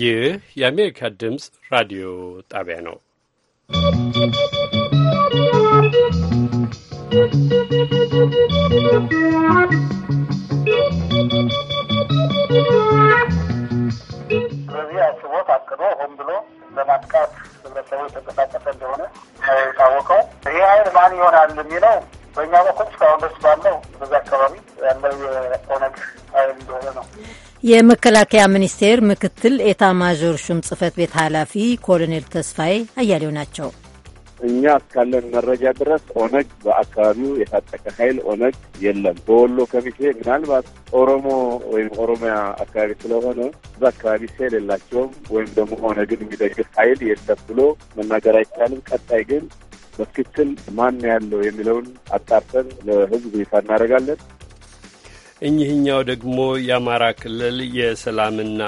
ይህ የአሜሪካ ድምፅ ራዲዮ ጣቢያ ነው። ስለዚህ አስቦት ሆን ብሎ ለማጥቃት ህብረተሰቡ የተንቀሳቀሰ እንደሆነ የታወቀው ይህ ኃይል ማን ይሆናል የሚለው በእኛ በኩል እስካሁን ደስ ባለው በዛ አካባቢ ያለው የኦነግ ኃይል እንደሆነ ነው። የመከላከያ ሚኒስቴር ምክትል ኤታ ማዦር ሹም ጽህፈት ቤት ኃላፊ ኮሎኔል ተስፋዬ አያሌው ናቸው። እኛ እስካለን መረጃ ድረስ ኦነግ በአካባቢው የታጠቀ ኃይል ኦነግ የለም። በወሎ ከሚሴ ምናልባት ኦሮሞ ወይም ኦሮሚያ አካባቢ ስለሆነ በአካባቢ አካባቢ ሴል የላቸውም ወይም ደግሞ ኦነግን የሚደግፍ ኃይል የለም ብሎ መናገር አይቻልም። ቀጣይ ግን በትክክል ማን ያለው የሚለውን አጣርተን ለሕዝብ ይፋ እናደርጋለን። እኚህኛው ደግሞ የአማራ ክልል የሰላምና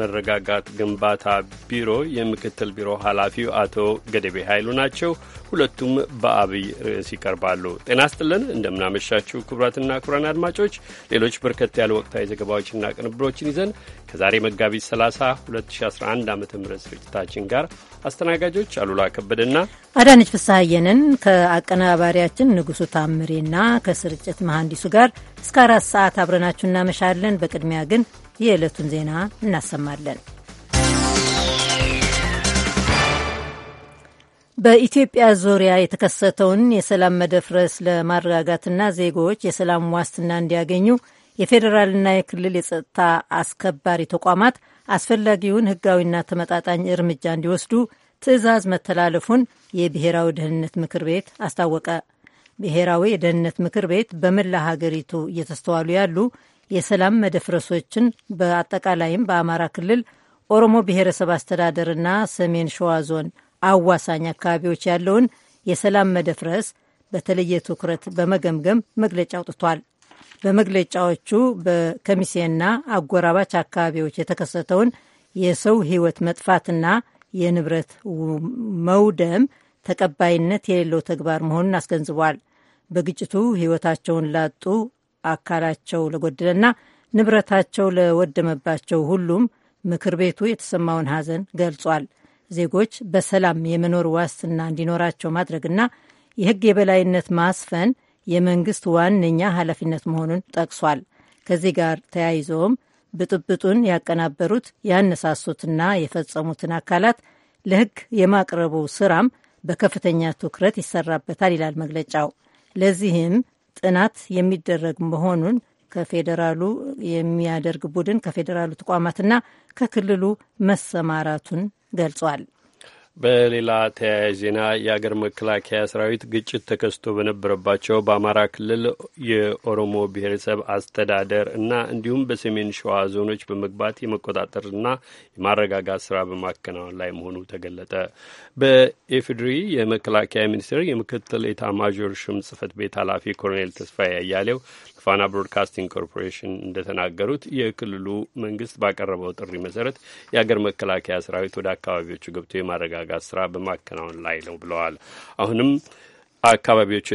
መረጋጋት ግንባታ ቢሮ የምክትል ቢሮ ኃላፊው አቶ ገደቤ ኃይሉ ናቸው። ሁለቱም በአብይ ርዕስ ይቀርባሉ። ጤና ስጥልን፣ እንደምናመሻችሁ ክቡራትና ክቡራን አድማጮች ሌሎች በርከት ያሉ ወቅታዊ ዘገባዎችና ቅንብሮችን ይዘን ከዛሬ መጋቢት 30 2011 ዓ ም ስርጭታችን ጋር አስተናጋጆች አሉላ ከበደና አዳነች ፍስሐየንን ከአቀናባሪያችን ንጉሱ ታምሬና ከስርጭት መሐንዲሱ ጋር እስከ አራት ሰዓት አብረናችሁ እናመሻለን። በቅድሚያ ግን የዕለቱን ዜና እናሰማለን። በኢትዮጵያ ዙሪያ የተከሰተውን የሰላም መደፍረስ ለማረጋጋትና ዜጎች የሰላም ዋስትና እንዲያገኙ የፌዴራልና የክልል የጸጥታ አስከባሪ ተቋማት አስፈላጊውን ሕጋዊና ተመጣጣኝ እርምጃ እንዲወስዱ ትዕዛዝ መተላለፉን የብሔራዊ ደህንነት ምክር ቤት አስታወቀ። ብሔራዊ የደህንነት ምክር ቤት በመላ ሀገሪቱ እየተስተዋሉ ያሉ የሰላም መደፍረሶችን በአጠቃላይም በአማራ ክልል ኦሮሞ ብሔረሰብ አስተዳደርና ሰሜን ሸዋ ዞን አዋሳኝ አካባቢዎች ያለውን የሰላም መደፍረስ በተለየ ትኩረት በመገምገም መግለጫ አውጥቷል። በመግለጫዎቹ በከሚሴና አጎራባች አካባቢዎች የተከሰተውን የሰው ሕይወት መጥፋትና የንብረት መውደም ተቀባይነት የሌለው ተግባር መሆኑን አስገንዝቧል። በግጭቱ ሕይወታቸውን ላጡ አካላቸው ለጎደለና ንብረታቸው ለወደመባቸው ሁሉም ምክር ቤቱ የተሰማውን ሐዘን ገልጿል። ዜጎች በሰላም የመኖር ዋስትና እንዲኖራቸው ማድረግና የሕግ የበላይነት ማስፈን የመንግስት ዋነኛ ኃላፊነት መሆኑን ጠቅሷል። ከዚህ ጋር ተያይዘውም ብጥብጡን ያቀናበሩት ያነሳሱትና የፈጸሙትን አካላት ለሕግ የማቅረቡ ስራም በከፍተኛ ትኩረት ይሰራበታል ይላል መግለጫው። ለዚህም ጥናት የሚደረግ መሆኑን ከፌዴራሉ የሚያደርግ ቡድን ከፌዴራሉ ተቋማትና ከክልሉ መሰማራቱን ገልጿል። በሌላ ተያያዥ ዜና የአገር መከላከያ ሰራዊት ግጭት ተከስቶ በነበረባቸው በአማራ ክልል የኦሮሞ ብሔረሰብ አስተዳደር እና እንዲሁም በሰሜን ሸዋ ዞኖች በመግባት የመቆጣጠርና የማረጋጋት ስራ በማከናወን ላይ መሆኑ ተገለጠ። በኢፌዴሪ የመከላከያ ሚኒስቴር የምክትል ማዦር ሹም ጽህፈት ቤት ኃላፊ ኮሎኔል ተስፋዬ አያሌው ፋና ብሮድካስቲንግ ኮርፖሬሽን እንደተናገሩት የክልሉ መንግስት ባቀረበው ጥሪ መሰረት የአገር መከላከያ ሰራዊት ወደ አካባቢዎቹ ገብቶ የማረጋጋት ስራ በማከናወን ላይ ነው ብለዋል። አሁንም አካባቢዎቹ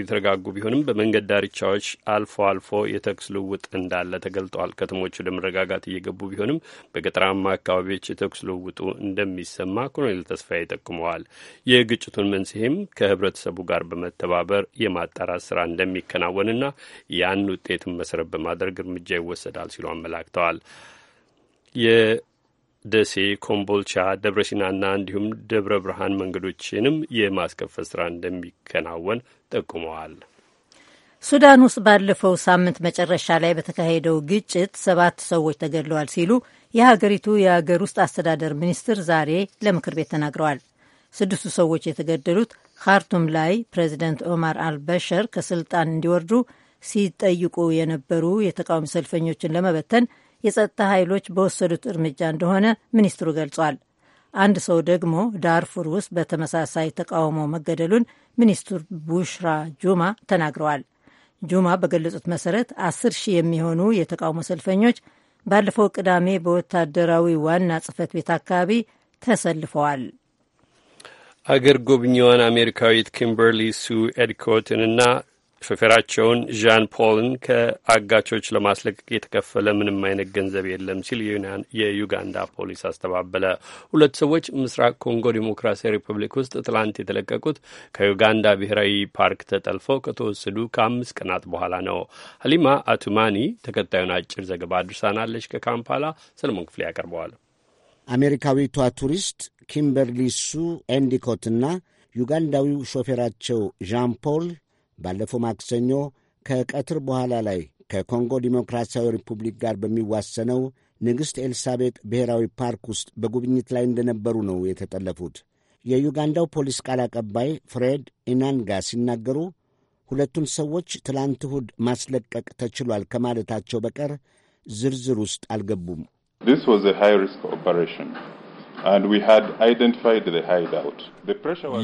የተረጋጉ ቢሆንም በመንገድ ዳርቻዎች አልፎ አልፎ የተኩስ ልውውጥ እንዳለ ተገልጧል። ከተሞች ወደ መረጋጋት እየገቡ ቢሆንም በገጠራማ አካባቢዎች የተኩስ ልውውጡ እንደሚሰማ ኮሎኔል ተስፋዬ ጠቁመዋል። የግጭቱን መንስኤም ከህብረተሰቡ ጋር በመተባበር የማጣራት ስራ እንደሚከናወንና ያን ውጤትን መሰረት በማድረግ እርምጃ ይወሰዳል ሲሉ አመላክተዋል። ደሴ፣ ኮምቦልቻ፣ ደብረሲና ና እንዲሁም ደብረ ብርሃን መንገዶችንም የማስከፈት ስራ እንደሚከናወን ጠቁመዋል። ሱዳን ውስጥ ባለፈው ሳምንት መጨረሻ ላይ በተካሄደው ግጭት ሰባት ሰዎች ተገድለዋል ሲሉ የሀገሪቱ የአገር ውስጥ አስተዳደር ሚኒስትር ዛሬ ለምክር ቤት ተናግረዋል። ስድስቱ ሰዎች የተገደሉት ካርቱም ላይ ፕሬዚደንት ኦማር አልበሸር ከስልጣን እንዲወርዱ ሲጠይቁ የነበሩ የተቃዋሚ ሰልፈኞችን ለመበተን የጸጥታ ኃይሎች በወሰዱት እርምጃ እንደሆነ ሚኒስትሩ ገልጿል። አንድ ሰው ደግሞ ዳርፉር ውስጥ በተመሳሳይ ተቃውሞ መገደሉን ሚኒስትር ቡሽራ ጁማ ተናግረዋል። ጁማ በገለጹት መሰረት አስር ሺህ የሚሆኑ የተቃውሞ ሰልፈኞች ባለፈው ቅዳሜ በወታደራዊ ዋና ጽህፈት ቤት አካባቢ ተሰልፈዋል። አገር ጎብኚዋን አሜሪካዊት ኪምበርሊ ሱ ኤድኮትንና ሾፌራቸውን ዣን ፖልን ከአጋቾች ለማስለቀቅ የተከፈለ ምንም አይነት ገንዘብ የለም ሲል የዩጋንዳ ፖሊስ አስተባበለ። ሁለት ሰዎች ምስራቅ ኮንጎ ዲሞክራሲያዊ ሪፐብሊክ ውስጥ ትላንት የተለቀቁት ከዩጋንዳ ብሔራዊ ፓርክ ተጠልፈው ከተወሰዱ ከአምስት ቀናት በኋላ ነው። ሀሊማ አቱማኒ ተከታዩን አጭር ዘገባ አድርሳናለች። ከካምፓላ ሰለሞን ክፍሌ ያቀርበዋል። አሜሪካዊቷ ቱሪስት ኪምበርሊ ሱ ኤንዲኮትና ዩጋንዳዊው ሾፌራቸው ዣን ፖል ባለፈው ማክሰኞ ከቀትር በኋላ ላይ ከኮንጎ ዲሞክራሲያዊ ሪፑብሊክ ጋር በሚዋሰነው ንግሥት ኤልሳቤጥ ብሔራዊ ፓርክ ውስጥ በጉብኝት ላይ እንደነበሩ ነው የተጠለፉት። የዩጋንዳው ፖሊስ ቃል አቀባይ ፍሬድ ኢናንጋ ሲናገሩ ሁለቱን ሰዎች ትላንት እሁድ ማስለቀቅ ተችሏል ከማለታቸው በቀር ዝርዝር ውስጥ አልገቡም።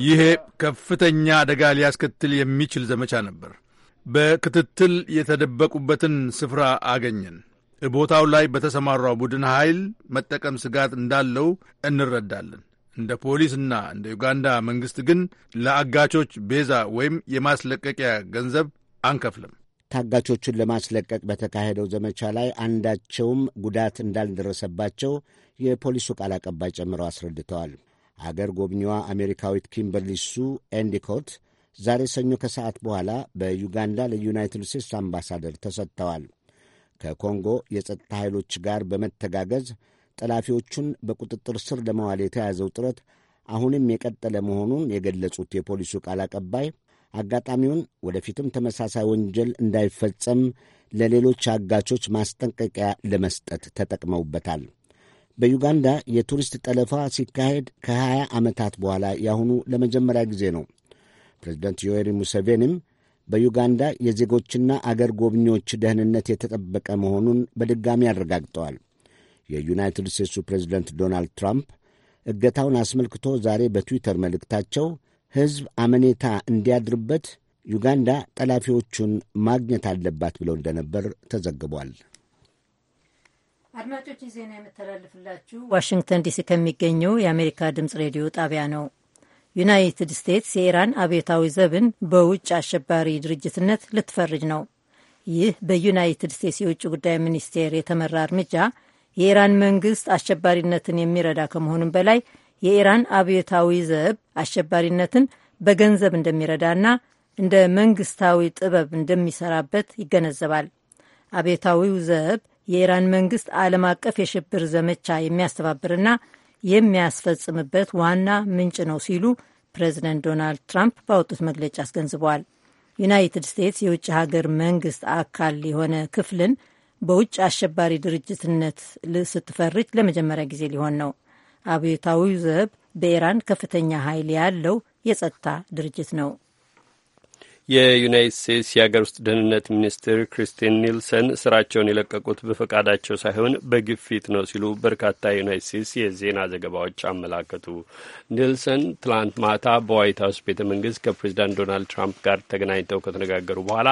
ይሄ ከፍተኛ አደጋ ሊያስከትል የሚችል ዘመቻ ነበር። በክትትል የተደበቁበትን ስፍራ አገኘን። ቦታው ላይ በተሰማራው ቡድን ኃይል መጠቀም ስጋት እንዳለው እንረዳለን። እንደ ፖሊስና እንደ ዩጋንዳ መንግሥት ግን ለአጋቾች ቤዛ ወይም የማስለቀቂያ ገንዘብ አንከፍልም። ታጋቾቹን ለማስለቀቅ በተካሄደው ዘመቻ ላይ አንዳቸውም ጉዳት እንዳልደረሰባቸው የፖሊሱ ቃል አቀባይ ጨምረው አስረድተዋል። አገር ጎብኚዋ አሜሪካዊት ኪምበርሊ ሱ ኤንዲኮት ዛሬ ሰኞ ከሰዓት በኋላ በዩጋንዳ ለዩናይትድ ስቴትስ አምባሳደር ተሰጥተዋል። ከኮንጎ የጸጥታ ኃይሎች ጋር በመተጋገዝ ጠላፊዎቹን በቁጥጥር ስር ለመዋል የተያዘው ጥረት አሁንም የቀጠለ መሆኑን የገለጹት የፖሊሱ ቃል አቀባይ አጋጣሚውን ወደፊትም ተመሳሳይ ወንጀል እንዳይፈጸም ለሌሎች አጋቾች ማስጠንቀቂያ ለመስጠት ተጠቅመውበታል። በዩጋንዳ የቱሪስት ጠለፋ ሲካሄድ ከ20 ዓመታት በኋላ ያሁኑ ለመጀመሪያ ጊዜ ነው። ፕሬዚደንት ዮዌሪ ሙሴቬኒም በዩጋንዳ የዜጎችና አገር ጎብኚዎች ደህንነት የተጠበቀ መሆኑን በድጋሚ አረጋግጠዋል። የዩናይትድ ስቴትሱ ፕሬዚደንት ዶናልድ ትራምፕ እገታውን አስመልክቶ ዛሬ በትዊተር መልእክታቸው ሕዝብ አመኔታ እንዲያድርበት ዩጋንዳ ጠላፊዎቹን ማግኘት አለባት ብለው እንደነበር ተዘግቧል። አድማጮች ዜና የምተላልፍላችሁ ዋሽንግተን ዲሲ ከሚገኘው የአሜሪካ ድምጽ ሬዲዮ ጣቢያ ነው። ዩናይትድ ስቴትስ የኢራን አብዮታዊ ዘብን በውጭ አሸባሪ ድርጅትነት ልትፈርጅ ነው። ይህ በዩናይትድ ስቴትስ የውጭ ጉዳይ ሚኒስቴር የተመራ እርምጃ የኢራን መንግስት አሸባሪነትን የሚረዳ ከመሆኑም በላይ የኢራን አብዮታዊ ዘብ አሸባሪነትን በገንዘብ እንደሚረዳና እንደ መንግስታዊ ጥበብ እንደሚሰራበት ይገነዘባል። አብዮታዊው ዘብ የኢራን መንግስት ዓለም አቀፍ የሽብር ዘመቻ የሚያስተባብርና የሚያስፈጽምበት ዋና ምንጭ ነው ሲሉ ፕሬዚደንት ዶናልድ ትራምፕ ባወጡት መግለጫ አስገንዝበዋል። ዩናይትድ ስቴትስ የውጭ ሀገር መንግስት አካል የሆነ ክፍልን በውጭ አሸባሪ ድርጅትነት ስትፈርጅ ለመጀመሪያ ጊዜ ሊሆን ነው። አብዮታዊ ዘብ በኢራን ከፍተኛ ኃይል ያለው የጸጥታ ድርጅት ነው። የዩናይት ስቴትስ የአገር ውስጥ ደህንነት ሚኒስትር ክሪስቲን ኒልሰን ስራቸውን የለቀቁት በፈቃዳቸው ሳይሆን በግፊት ነው ሲሉ በርካታ የዩናይት ስቴትስ የዜና ዘገባዎች አመላከቱ። ኒልሰን ትላንት ማታ በዋይት ሀውስ ቤተ መንግስት ከፕሬዚዳንት ዶናልድ ትራምፕ ጋር ተገናኝተው ከተነጋገሩ በኋላ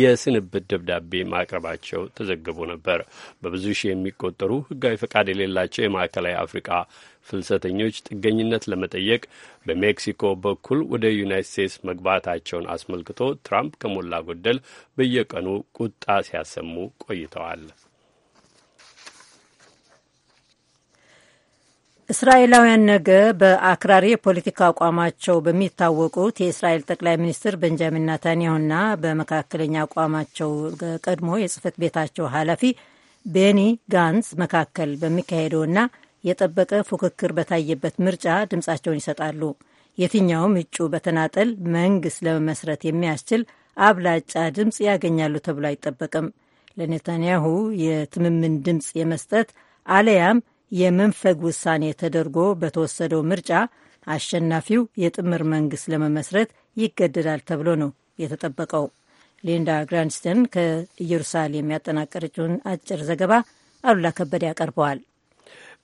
የስንብት ደብዳቤ ማቅረባቸው ተዘግቦ ነበር። በብዙ ሺህ የሚቆጠሩ ህጋዊ ፈቃድ የሌላቸው የማዕከላዊ አፍሪቃ ፍልሰተኞች ጥገኝነት ለመጠየቅ በሜክሲኮ በኩል ወደ ዩናይት ስቴትስ መግባታቸውን አስመልክቶ ትራምፕ ከሞላ ጎደል በየቀኑ ቁጣ ሲያሰሙ ቆይተዋል። እስራኤላውያን ነገ በአክራሪ የፖለቲካ አቋማቸው በሚታወቁት የእስራኤል ጠቅላይ ሚኒስትር ቤንጃሚን ናታንያሁና በመካከለኛ አቋማቸው ቀድሞ የጽህፈት ቤታቸው ኃላፊ ቤኒ ጋንዝ መካከል በሚካሄደውና የጠበቀ ፉክክር በታየበት ምርጫ ድምፃቸውን ይሰጣሉ። የትኛውም እጩ በተናጠል መንግስት ለመመስረት የሚያስችል አብላጫ ድምፅ ያገኛሉ ተብሎ አይጠበቅም። ለኔታንያሁ የትምምን ድምፅ የመስጠት አለያም የመንፈግ ውሳኔ ተደርጎ በተወሰደው ምርጫ አሸናፊው የጥምር መንግስት ለመመስረት ይገደዳል ተብሎ ነው የተጠበቀው። ሊንዳ ግራንስተን ከኢየሩሳሌም ያጠናቀረችውን አጭር ዘገባ አሉላ ከበደ ያቀርበዋል።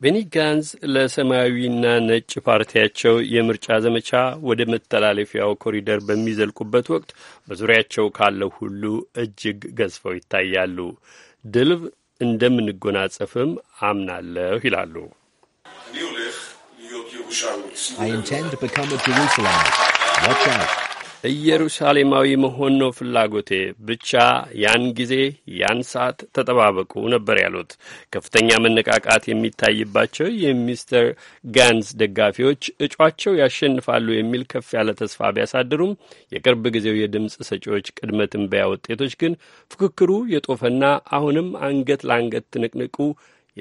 ቤኒ ጋንዝ ለሰማያዊና ነጭ ፓርቲያቸው የምርጫ ዘመቻ ወደ መተላለፊያው ኮሪደር በሚዘልቁበት ወቅት በዙሪያቸው ካለው ሁሉ እጅግ ገዝፈው ይታያሉ። ድልብ እንደምንጎናጸፍም አምናለሁ ይላሉ። I intend to become a Watch out. ኢየሩሳሌማዊ መሆን ነው ፍላጎቴ፣ ብቻ ያን ጊዜ ያን ሰዓት ተጠባበቁ ነበር ያሉት ከፍተኛ መነቃቃት የሚታይባቸው የሚስተር ጋንስ ደጋፊዎች እጯቸው ያሸንፋሉ የሚል ከፍ ያለ ተስፋ ቢያሳድሩም የቅርብ ጊዜው የድምፅ ሰጪዎች ቅድመ ትንበያ ውጤቶች ግን ፉክክሩ የጦፈና አሁንም አንገት ለአንገት ትንቅንቁ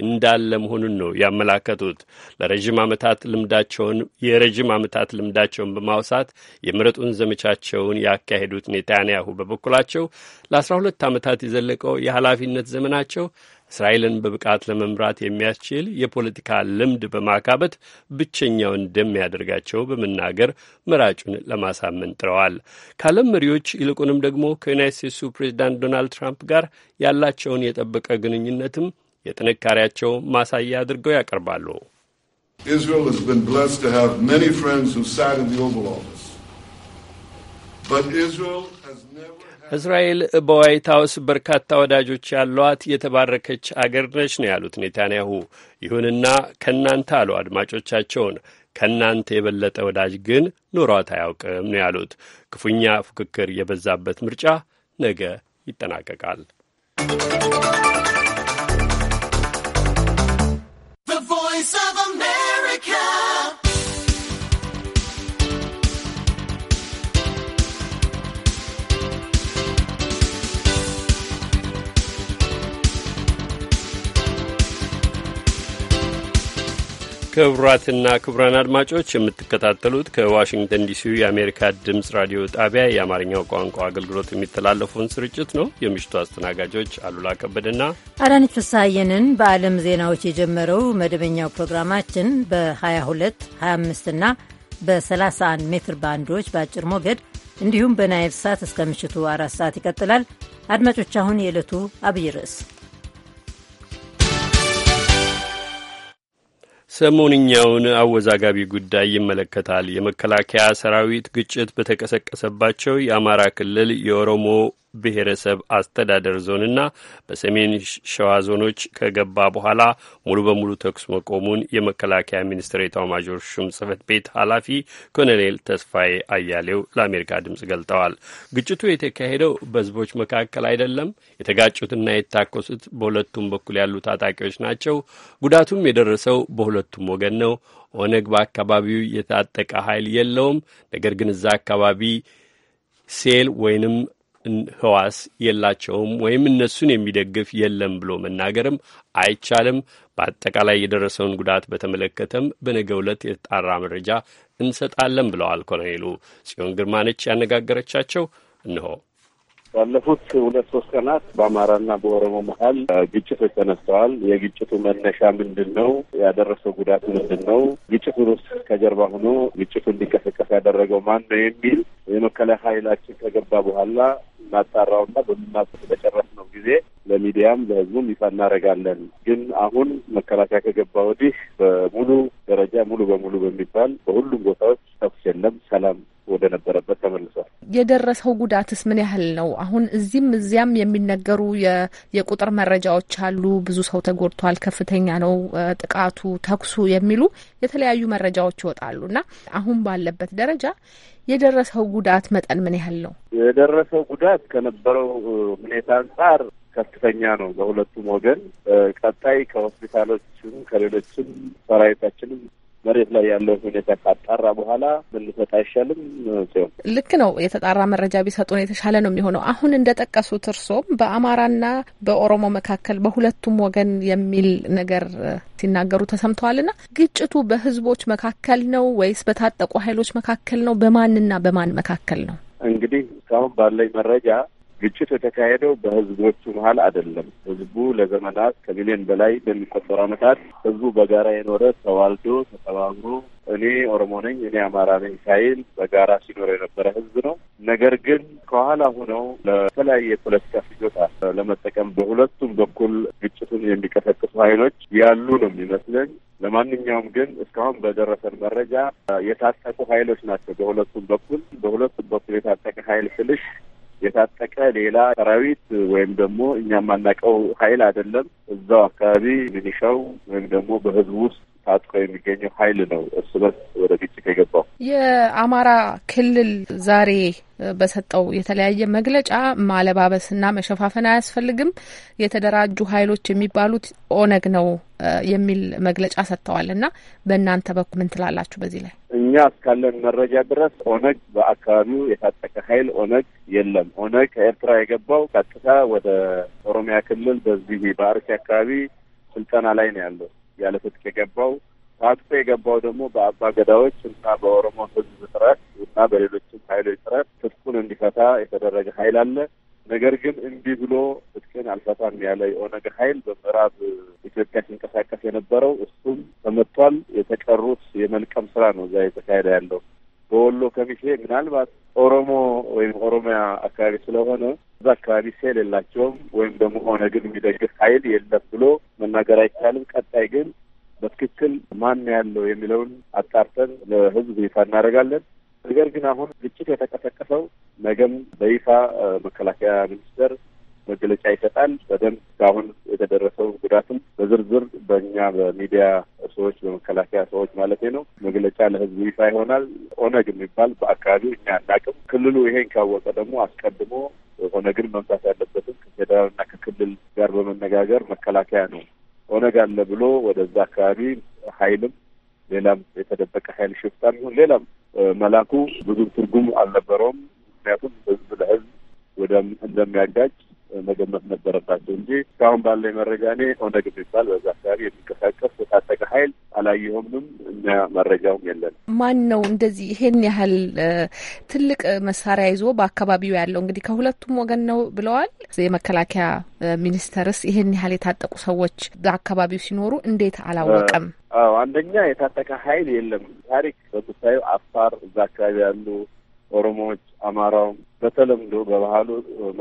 እንዳለ መሆኑን ነው ያመላከቱት። ለረዥም ዓመታት ልምዳቸውን የረዥም ዓመታት ልምዳቸውን በማውሳት የምረጡን ዘመቻቸውን ያካሄዱት ኔታንያሁ በበኩላቸው ለአስራ ሁለት ዓመታት የዘለቀው የኃላፊነት ዘመናቸው እስራኤልን በብቃት ለመምራት የሚያስችል የፖለቲካ ልምድ በማካበት ብቸኛው እንደሚያደርጋቸው በመናገር መራጩን ለማሳመን ጥረዋል። ከዓለም መሪዎች ይልቁንም ደግሞ ከዩናይት ስቴትሱ ፕሬዚዳንት ዶናልድ ትራምፕ ጋር ያላቸውን የጠበቀ ግንኙነትም የጥንካሬያቸው ማሳያ አድርገው ያቀርባሉ። እስራኤል በዋይት ሀውስ በርካታ ወዳጆች ያሏት የተባረከች አገር ነች ነው ያሉት ኔታንያሁ። ይሁንና ከእናንተ አሉ አድማጮቻቸውን ከእናንተ የበለጠ ወዳጅ ግን ኑሯት አያውቅም ነው ያሉት። ክፉኛ ፉክክር የበዛበት ምርጫ ነገ ይጠናቀቃል። ክቡራትና ክቡራን አድማጮች የምትከታተሉት ከዋሽንግተን ዲሲ የአሜሪካ ድምፅ ራዲዮ ጣቢያ የአማርኛው ቋንቋ አገልግሎት የሚተላለፈውን ስርጭት ነው። የምሽቱ አስተናጋጆች አሉላ ከበደና አዳነች ፍስሐየንን በዓለም ዜናዎች የጀመረው መደበኛው ፕሮግራማችን በ22፣ 25 ና በ31 ሜትር ባንዶች በአጭር ሞገድ እንዲሁም በናይል ሳት እስከ ምሽቱ አራት ሰዓት ይቀጥላል። አድማጮች አሁን የዕለቱ አብይ ርዕስ ሰሞንኛውን አወዛጋቢ ጉዳይ ይመለከታል። የመከላከያ ሰራዊት ግጭት በተቀሰቀሰባቸው የአማራ ክልል የኦሮሞ ብሔረሰብ አስተዳደር ዞንና በሰሜን ሸዋ ዞኖች ከገባ በኋላ ሙሉ በሙሉ ተኩስ መቆሙን የመከላከያ ሚኒስቴር የኤታማዦር ሹም ጽህፈት ቤት ኃላፊ ኮሎኔል ተስፋዬ አያሌው ለአሜሪካ ድምጽ ገልጠዋል። ግጭቱ የተካሄደው በህዝቦች መካከል አይደለም። የተጋጩትና የታኮሱት በሁለቱም በኩል ያሉ ታጣቂዎች ናቸው። ጉዳቱም የደረሰው በሁለቱም ወገን ነው። ኦነግ በአካባቢው የታጠቀ ኃይል የለውም። ነገር ግን እዛ አካባቢ ሴል ወይንም ህዋስ የላቸውም ወይም እነሱን የሚደግፍ የለም ብሎ መናገርም አይቻልም። በአጠቃላይ የደረሰውን ጉዳት በተመለከተም በነገ ዕለት የተጣራ መረጃ እንሰጣለን ብለዋል ኮሎኔሉ። ጽዮን ግርማነች ያነጋገረቻቸው እንሆ ባለፉት ሁለት ሶስት ቀናት በአማራና በኦሮሞ መሀል ግጭቶች ተነስተዋል። የግጭቱ መነሻ ምንድን ነው? ያደረሰው ጉዳት ምንድን ነው? ግጭቱን ውስጥ ከጀርባ ሆኖ ግጭቱ እንዲቀሰቀስ ያደረገው ማን ነው? የሚል የመከላከያ ኃይላችን ከገባ በኋላ የምናጣራውና በምናስ በጨረስነው ጊዜ ለሚዲያም ለህዝቡም ይፋ እናደርጋለን። ግን አሁን መከላከያ ከገባ ወዲህ በሙሉ ደረጃ ሙሉ በሙሉ በሚባል በሁሉም ቦታዎች ተኩስ የለም፣ ሰላም ወደ ነበረበት ተመልሷል። የደረሰው ጉዳትስ ምን ያህል ነው? አሁን እዚህም እዚያም የሚነገሩ የቁጥር መረጃዎች አሉ። ብዙ ሰው ተጎድቷል፣ ከፍተኛ ነው ጥቃቱ፣ ተኩሱ የሚሉ የተለያዩ መረጃዎች ይወጣሉ እና አሁን ባለበት ደረጃ የደረሰው ጉዳት መጠን ምን ያህል ነው? የደረሰው ጉዳት ከነበረው ሁኔታ አንጻር ከፍተኛ ነው። በሁለቱም ወገን ቀጣይ ከሆስፒታሎችም ከሌሎችም ሰራዊታችንም መሬት ላይ ያለው ሁኔታ ካጣራ በኋላ ብንሰጥ አይሻልም? ሲሆን ልክ ነው። የተጣራ መረጃ ቢሰጡን የተሻለ ነው የሚሆነው። አሁን እንደጠቀሱት እርሶም በአማራና በኦሮሞ መካከል በሁለቱም ወገን የሚል ነገር ሲናገሩ ተሰምተዋልና ግጭቱ በህዝቦች መካከል ነው ወይስ በታጠቁ ኃይሎች መካከል ነው? በማንና በማን መካከል ነው? እንግዲህ እስካሁን ባለኝ መረጃ ግጭት የተካሄደው በህዝቦቹ መሀል አይደለም። ህዝቡ ለዘመናት ከሚሊዮን በላይ በሚቆጠሩ አመታት ህዝቡ በጋራ የኖረ ተዋልዶ ተጠባብሮ እኔ ኦሮሞ ነኝ እኔ አማራ ነኝ ሳይል በጋራ ሲኖር የነበረ ህዝብ ነው። ነገር ግን ከኋላ ሆነው ለተለያየ የፖለቲካ ፍጆታ ለመጠቀም በሁለቱም በኩል ግጭቱን የሚቀሰቅሱ ኃይሎች ያሉ ነው የሚመስለኝ። ለማንኛውም ግን እስካሁን በደረሰን መረጃ የታጠቁ ኃይሎች ናቸው በሁለቱም በኩል በሁለቱም በኩል የታጠቀ ኃይል ስልሽ የታጠቀ ሌላ ሰራዊት ወይም ደግሞ እኛ የማናውቀው ኃይል አይደለም። እዛው አካባቢ ሚኒሻው ወይም ደግሞ በህዝቡ ውስጥ ታጥቆ የሚገኘው ኃይል ነው እርስ በርስ ወደ ግጭት የገባው። የአማራ ክልል ዛሬ በሰጠው የተለያየ መግለጫ ማለባበስና መሸፋፈን አያስፈልግም፣ የተደራጁ ኃይሎች የሚባሉት ኦነግ ነው የሚል መግለጫ ሰጥተዋል እና በእናንተ በኩል ምን ትላላችሁ በዚህ ላይ? እኛ እስካለን መረጃ ድረስ ኦነግ በአካባቢው የታጠቀ ኃይል ኦነግ የለም። ኦነግ ከኤርትራ የገባው ቀጥታ ወደ ኦሮሚያ ክልል በዚህ በአርሲ አካባቢ ስልጠና ላይ ነው ያለው። ያለ ትጥቅ የገባው ታጥቆ የገባው ደግሞ በአባ ገዳዎች እና በኦሮሞ ህዝብ ጥረት እና በሌሎችም ሀይሎች ጥረት ትጥቁን እንዲፈታ የተደረገ ሀይል አለ። ነገር ግን እምቢ ብሎ ትጥቅን አልፈታም ያለ የኦነግ ሀይል በምዕራብ ኢትዮጵያ ሲንቀሳቀስ የነበረው እሱም ተመቷል። የተቀሩት የመልቀም ስራ ነው እዛ የተካሄደ ያለው። በወሎ ከሚሴ ምናልባት ኦሮሞ ወይም ኦሮሚያ አካባቢ ስለሆነ እዛ አካባቢ ሴል የላቸውም ወይም ደግሞ ግን የሚደግፍ ኃይል የለም ብሎ መናገር አይቻልም። ቀጣይ ግን በትክክል ማን ያለው የሚለውን አጣርተን ለህዝብ ይፋ እናደርጋለን። ነገር ግን አሁን ግጭት የተቀሰቀሰው ነገም በይፋ መከላከያ ሚኒስቴር መግለጫ ይሰጣል። በደንብ እስካሁን የተደረሰው ጉዳትም በዝርዝር በእኛ በሚዲያ ሰዎች በመከላከያ ሰዎች ማለት ነው መግለጫ ለህዝቡ ይፋ ይሆናል። ኦነግ የሚባል በአካባቢው እኛ አናውቅም። ክልሉ ይሄን ካወቀ ደግሞ አስቀድሞ ኦነግን መምታት ያለበትም ከፌዴራልና ከክልል ጋር በመነጋገር መከላከያ ነው። ኦነግ አለ ብሎ ወደዛ አካባቢ ኃይልም ሌላም የተደበቀ ሀይል ሽፍታም ይሁን ሌላም መላኩ ብዙ ትርጉም አልነበረውም። ምክንያቱም ህዝብ ለህዝብ ወደ እንደሚያጋጭ መገመት ነበረባቸው እንጂ እስካሁን ባለ መረጃ እኔ ኦነግ የሚባል በዛ አካባቢ የሚንቀሳቀስ የታጠቀ ኃይል አላየሁምንም እና መረጃውም የለን። ማን ነው እንደዚህ ይሄን ያህል ትልቅ መሳሪያ ይዞ በአካባቢው ያለው? እንግዲህ ከሁለቱም ወገን ነው ብለዋል። የመከላከያ ሚኒስተርስ ይሄን ያህል የታጠቁ ሰዎች በአካባቢው ሲኖሩ እንዴት አላወቀም? አዎ አንደኛ የታጠቀ ኃይል የለም። ታሪክ በጉዳዩ አፋር እዛ አካባቢ ያሉ ኦሮሞዎች፣ አማራው በተለምዶ በባህሉ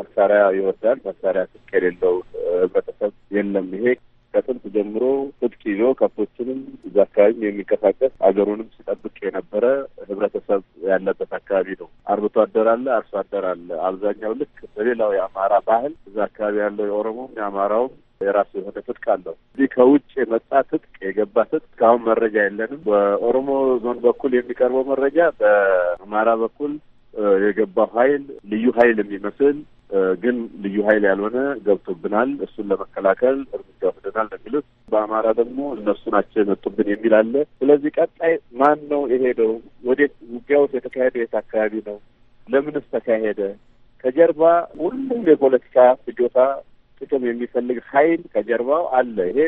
መሳሪያ ይወዳል። መሳሪያ ስቅ የሌለው ህብረተሰብ የለም። ይሄ ከጥንት ጀምሮ ትጥቅ ይዞ ከብቶችንም እዛ አካባቢ የሚንቀሳቀስ አገሩንም ሲጠብቅ የነበረ ህብረተሰብ ያለበት አካባቢ ነው። አርብቶ አደር አለ፣ አርሶ አደር አለ። አብዛኛው ልክ በሌላው የአማራ ባህል እዛ አካባቢ ያለው የኦሮሞም የአማራውም የራሱ የሆነ ትጥቅ አለው። እዚህ ከውጭ የመጣ ትጥቅ የገባ ትጥቅ እስካሁን መረጃ የለንም። በኦሮሞ ዞን በኩል የሚቀርበው መረጃ በአማራ በኩል የገባው ኃይል ልዩ ኃይል የሚመስል ግን ልዩ ኃይል ያልሆነ ገብቶብናል፣ እሱን ለመከላከል እርምጃ ወስደናል የሚሉት። በአማራ ደግሞ እነሱ ናቸው የመጡብን የሚል አለ። ስለዚህ ቀጣይ ማን ነው የሄደው? ወዴት ውጊያውስ የተካሄደው? የት አካባቢ ነው? ለምንስ ተካሄደ? ከጀርባ ሁሉም የፖለቲካ ፍጆታ ጥቅም የሚፈልግ ኃይል ከጀርባው አለ። ይሄ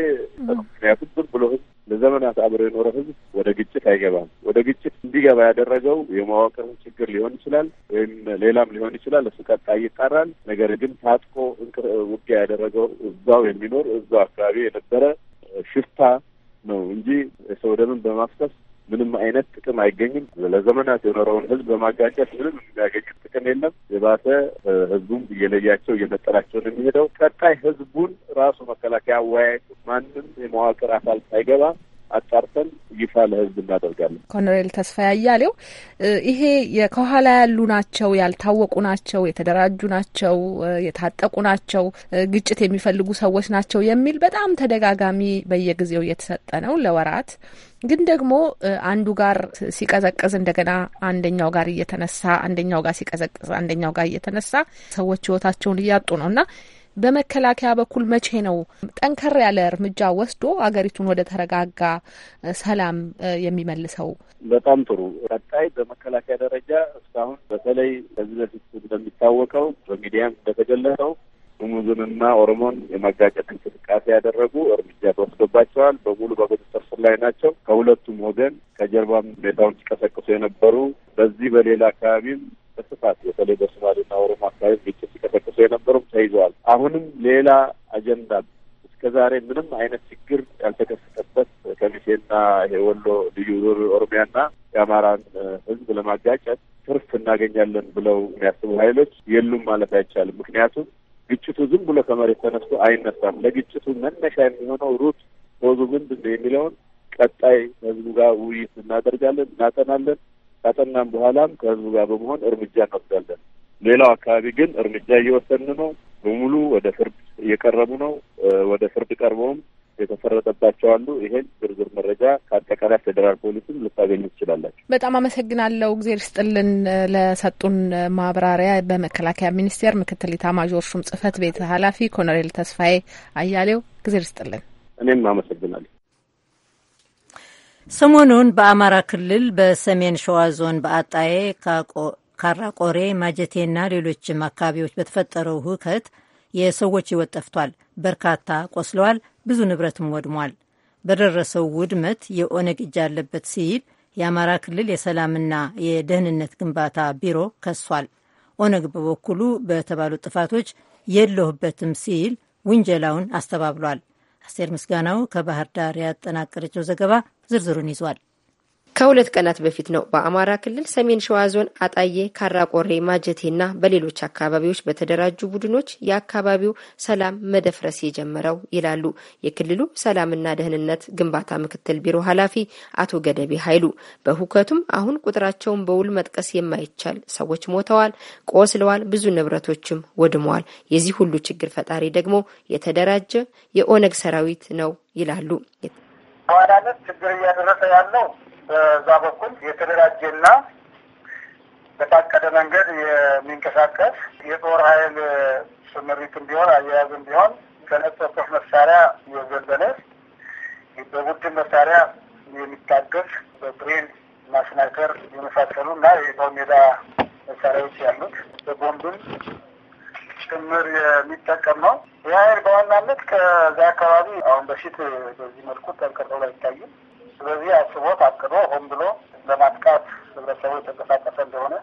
ምክንያቱም ዝም ብሎ ህዝብ ለዘመናት አብሮ የኖረ ህዝብ ወደ ግጭት አይገባም። ወደ ግጭት እንዲገባ ያደረገው የማዋቅር ችግር ሊሆን ይችላል፣ ወይም ሌላም ሊሆን ይችላል። እሱ ቀጣይ ይጣራል። ነገር ግን ታጥቆ ውጊያ ያደረገው እዛው የሚኖር እዛው አካባቢ የነበረ ሽፍታ ነው እንጂ የሰው ደምን በማፍሰስ ምንም አይነት ጥቅም አይገኝም። ለዘመናት የኖረውን ህዝብ በማጋጨት ምንም የሚያገኙት ጥቅም የለም። የባሰ ህዝቡም እየለያቸው እየመጠላቸው ነው የሚሄደው። ቀጣይ ህዝቡን ራሱ መከላከያ አወያየቱ ማንም የመዋቅር አካል ሳይገባ አጣርተን ይፋ ለህዝብ እናደርጋለን። ኮሎኔል ተስፋ ያያሌው፣ ይሄ ከኋላ ያሉ ናቸው፣ ያልታወቁ ናቸው፣ የተደራጁ ናቸው፣ የታጠቁ ናቸው፣ ግጭት የሚፈልጉ ሰዎች ናቸው የሚል በጣም ተደጋጋሚ በየጊዜው እየተሰጠ ነው ለወራት ግን ደግሞ አንዱ ጋር ሲቀዘቅዝ እንደገና አንደኛው ጋር እየተነሳ አንደኛው ጋር ሲቀዘቅዝ አንደኛው ጋር እየተነሳ ሰዎች ህይወታቸውን እያጡ ነው እና በመከላከያ በኩል መቼ ነው ጠንከር ያለ እርምጃ ወስዶ አገሪቱን ወደ ተረጋጋ ሰላም የሚመልሰው? በጣም ጥሩ። ቀጣይ በመከላከያ ደረጃ እስካሁን በተለይ ከዚህ በፊት እንደሚታወቀው በሚዲያም እንደተገለጸው ጉሙዝንና ኦሮሞን የማጋጨት እንቅስቃሴ ያደረጉ እርምጃ ተወስዶባቸዋል። በሙሉ በቁጥጥር ስር ላይ ናቸው። ከሁለቱም ወገን ከጀርባም ሁኔታውን ሲቀሰቅሱ የነበሩ በዚህ በሌላ አካባቢም በስፋት በተለይ በሶማሌና ኦሮሞ አካባቢ ግጭት ሲቀሰቅሱ የነበሩም ተይዘዋል። አሁንም ሌላ አጀንዳ እስከዛሬ ምንም አይነት ችግር ያልተከሰተበት ከሚሴና የወሎ ልዩ ዞን ኦሮሚያና የአማራን ህዝብ ለማጋጨት ትርፍ እናገኛለን ብለው የሚያስቡ ሀይሎች የሉም ማለት አይቻልም። ምክንያቱም ግጭቱ ዝም ብሎ ከመሬት ተነስቶ አይነሳም። ለግጭቱ መነሻ የሚሆነው ሩት ሆዙ ምንድን ነው የሚለውን ቀጣይ ህዝቡ ጋር ውይይት እናደርጋለን፣ እናጠናለን። ካጠናን በኋላም ከህዝቡ ጋር በመሆን እርምጃ እንወስዳለን። ሌላው አካባቢ ግን እርምጃ እየወሰን ነው። በሙሉ ወደ ፍርድ እየቀረቡ ነው። ወደ ፍርድ ቀርበውም የተፈረጠባቸው አሉ። ይሄን ዝርዝር መረጃ ከአጠቃላይ ፌዴራል ፖሊስም ልታገኙ ትችላላችሁ። በጣም አመሰግናለሁ። እግዜር ስጥልን ለሰጡን ማብራሪያ። በመከላከያ ሚኒስቴር ምክትል ኢታማዦር ሹም ጽህፈት ቤት ኃላፊ ኮሎኔል ተስፋዬ አያሌው እግዜር ስጥልን። እኔም አመሰግናለሁ። ሰሞኑን በአማራ ክልል በሰሜን ሸዋ ዞን በአጣዬ ካራቆሬ፣ ማጀቴና ሌሎችም አካባቢዎች በተፈጠረው ሁከት የሰዎች ህይወት ጠፍቷል። በርካታ ቆስለዋል። ብዙ ንብረትም ወድሟል። በደረሰው ውድመት የኦነግ እጅ አለበት ሲል የአማራ ክልል የሰላምና የደህንነት ግንባታ ቢሮ ከሷል። ኦነግ በበኩሉ በተባሉ ጥፋቶች የለሁበትም ሲል ውንጀላውን አስተባብሏል። አስቴር ምስጋናው ከባህር ዳር ያጠናቀረችው ዘገባ ዝርዝሩን ይዟል። ከሁለት ቀናት በፊት ነው በአማራ ክልል ሰሜን ሸዋ ዞን አጣዬ፣ ካራቆሬ፣ ማጀቴና በሌሎች አካባቢዎች በተደራጁ ቡድኖች የአካባቢው ሰላም መደፍረስ የጀመረው ይላሉ የክልሉ ሰላምና ደህንነት ግንባታ ምክትል ቢሮ ኃላፊ አቶ ገደቤ ኃይሉ። በሁከቱም አሁን ቁጥራቸውን በውል መጥቀስ የማይቻል ሰዎች ሞተዋል፣ ቆስለዋል፣ ብዙ ንብረቶችም ወድመዋል። የዚህ ሁሉ ችግር ፈጣሪ ደግሞ የተደራጀ የኦነግ ሰራዊት ነው ይላሉ። በዋናነት ችግር እያደረሰ ያለው በዛ በኩል የተደራጀና በታቀደ መንገድ የሚንቀሳቀስ የጦር ኃይል ስምሪትም ቢሆን አያያዝም ቢሆን ከነፍስ ወከፍ መሳሪያ የዘለለ በቡድን መሳሪያ የሚታገዝ በብሬን እና የመሳሰሉ እና የጦር ሜዳ መሳሪያዎች ያሉት በቦምብም ጭምር የሚጠቀም ነው። ይህ ኃይል በዋናነት ከዛ አካባቢ አሁን በፊት በዚህ መልኩ ላይ ይታይም ስለዚህ አስቦ አቅዶ ሆን ብሎ ለማጥቃት ህብረተሰቡ የተንቀሳቀሰ እንደሆነ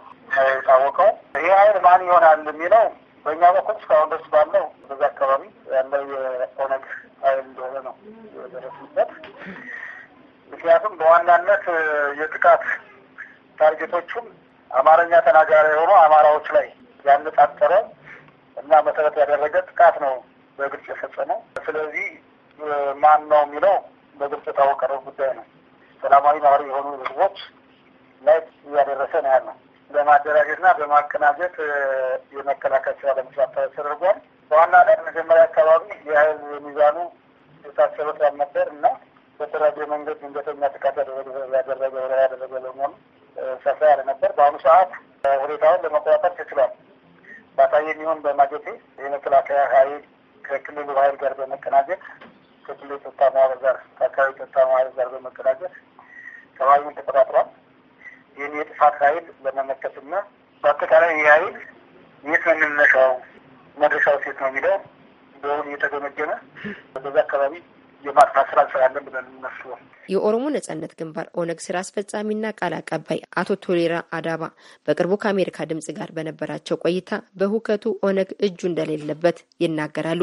የታወቀው ይህ ሀይል ማን ይሆናል የሚለው በእኛ በኩል እስካሁን ደስ ባለው በዛ አካባቢ ያለው የኦነግ ሀይል እንደሆነ ነው የደረስንበት። ምክንያቱም በዋናነት የጥቃት ታርጌቶቹም አማርኛ ተናጋሪ የሆኑ አማራዎች ላይ ያነጣጠረ እና መሰረት ያደረገ ጥቃት ነው በግልጽ የፈጸመው። ስለዚህ ማን ነው የሚለው በግልጽ የታወቀረው ጉዳይ ነው። ሰላማዊ ነዋሪ የሆኑ ህዝቦች ላይ እያደረሰ ነው ያለው። በማደራጀት በማደራጀትና በማቀናጀት የመከላከል ስራ ለመስራት ተደርጓል። በዋና ላይ መጀመሪያ አካባቢ የሀይል ሚዛኑ የታሰበት ያልነበር እና በተደራጀ መንገድ ድንገተኛ ጥቃት ያደረገ ያደረገ ያደረገ በመሆኑ ሰፋ ያለ ነበር። በአሁኑ ሰዓት ሁኔታውን ለመቆጣጠር ተችሏል። ባሳየ የሚሆን በማጀቴ የመከላከያ ሀይል ከክልሉ ሀይል ጋር በመቀናጀት ከክልል ጸጥታ ማህበር ጋር ከአካባቢ ጸጥታ ማህበር ጋር በመቀናጀት ተባዩን ተቆጣጥሯል። ይህን የጥፋት ኃይል ለመመከትና በአጠቃላይ ይህ ኃይል የት ነው የምንነሻው፣ መድረሻው ሴት ነው የሚለው በሁን እየተገመገመ በዛ አካባቢ የማጥፋት ስራ እንሰራለን ብለን የምናስበው። የኦሮሞ ነጻነት ግንባር ኦነግ ስራ አስፈጻሚና ቃል አቀባይ አቶ ቶሌራ አዳባ በቅርቡ ከአሜሪካ ድምጽ ጋር በነበራቸው ቆይታ በሁከቱ ኦነግ እጁ እንደሌለበት ይናገራሉ።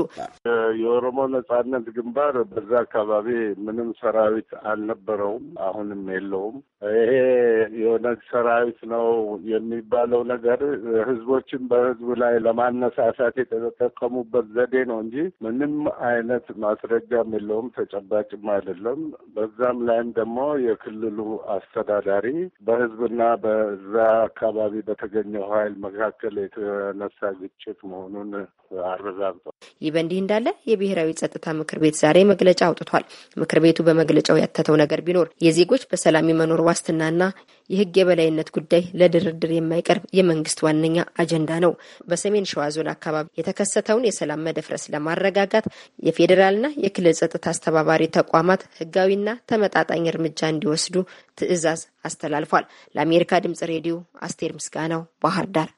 የኦሮሞ ነጻነት ግንባር በዛ አካባቢ ምንም ሰራዊት አልነበረውም፣ አሁንም የለውም። ይሄ የኦነግ ሰራዊት ነው የሚባለው ነገር ህዝቦችን በህዝቡ ላይ ለማነሳሳት የተጠቀሙበት ዘዴ ነው እንጂ ምንም አይነት ማስረጃም የለውም። ተጨባጭም አይደለም። በዛም ላይም ደግሞ የክልሉ አስተዳዳሪ በህዝብና በዛ አካባቢ በተገኘው ኃይል መካከል የተነሳ ግጭት መሆኑን አረጋግጧል። ይህ በእንዲህ እንዳለ የብሔራዊ ጸጥታ ምክር ቤት ዛሬ መግለጫ አውጥቷል። ምክር ቤቱ በመግለጫው ያተተው ነገር ቢኖር የዜጎች በሰላም የመኖር ዋስትናና የህግ የበላይነት ጉዳይ ለድርድር የማይቀርብ የመንግስት ዋነኛ አጀንዳ ነው። በሰሜን ሸዋ ዞን አካባቢ የተከሰተውን የሰላም መደፍረስ ለማረጋጋት የፌዴራልና የክልል ጸጥታ አስተባባሪ ተቋማት ህጋዊና ተመጣጣኝ እርምጃ እንዲወስዱ ትዕዛዝ አስተላልፏል። ለአሜሪካ ድምጽ ሬዲዮ አስቴር ምስጋናው ባህር ዳር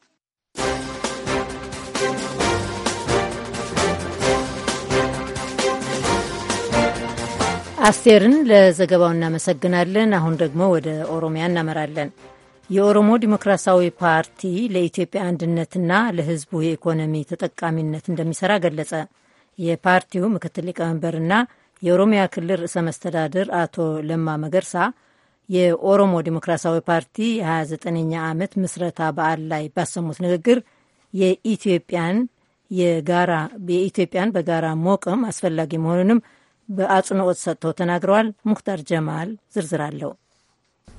አስቴርን ለዘገባው እናመሰግናለን። አሁን ደግሞ ወደ ኦሮሚያ እናመራለን። የኦሮሞ ዲሞክራሲያዊ ፓርቲ ለኢትዮጵያ አንድነትና ለሕዝቡ የኢኮኖሚ ተጠቃሚነት እንደሚሰራ ገለጸ። የፓርቲው ምክትል ሊቀመንበርና የኦሮሚያ ክልል ርዕሰ መስተዳድር አቶ ለማ መገርሳ የኦሮሞ ዲሞክራሲያዊ ፓርቲ የ29ኛ ዓመት ምስረታ በዓል ላይ ባሰሙት ንግግር የኢትዮጵያን የጋራ የኢትዮጵያን በጋራ መቆም አስፈላጊ መሆኑንም በአጽንኦት ሰጥተው ተናግረዋል። ሙክታር ጀማል ዝርዝር አለው።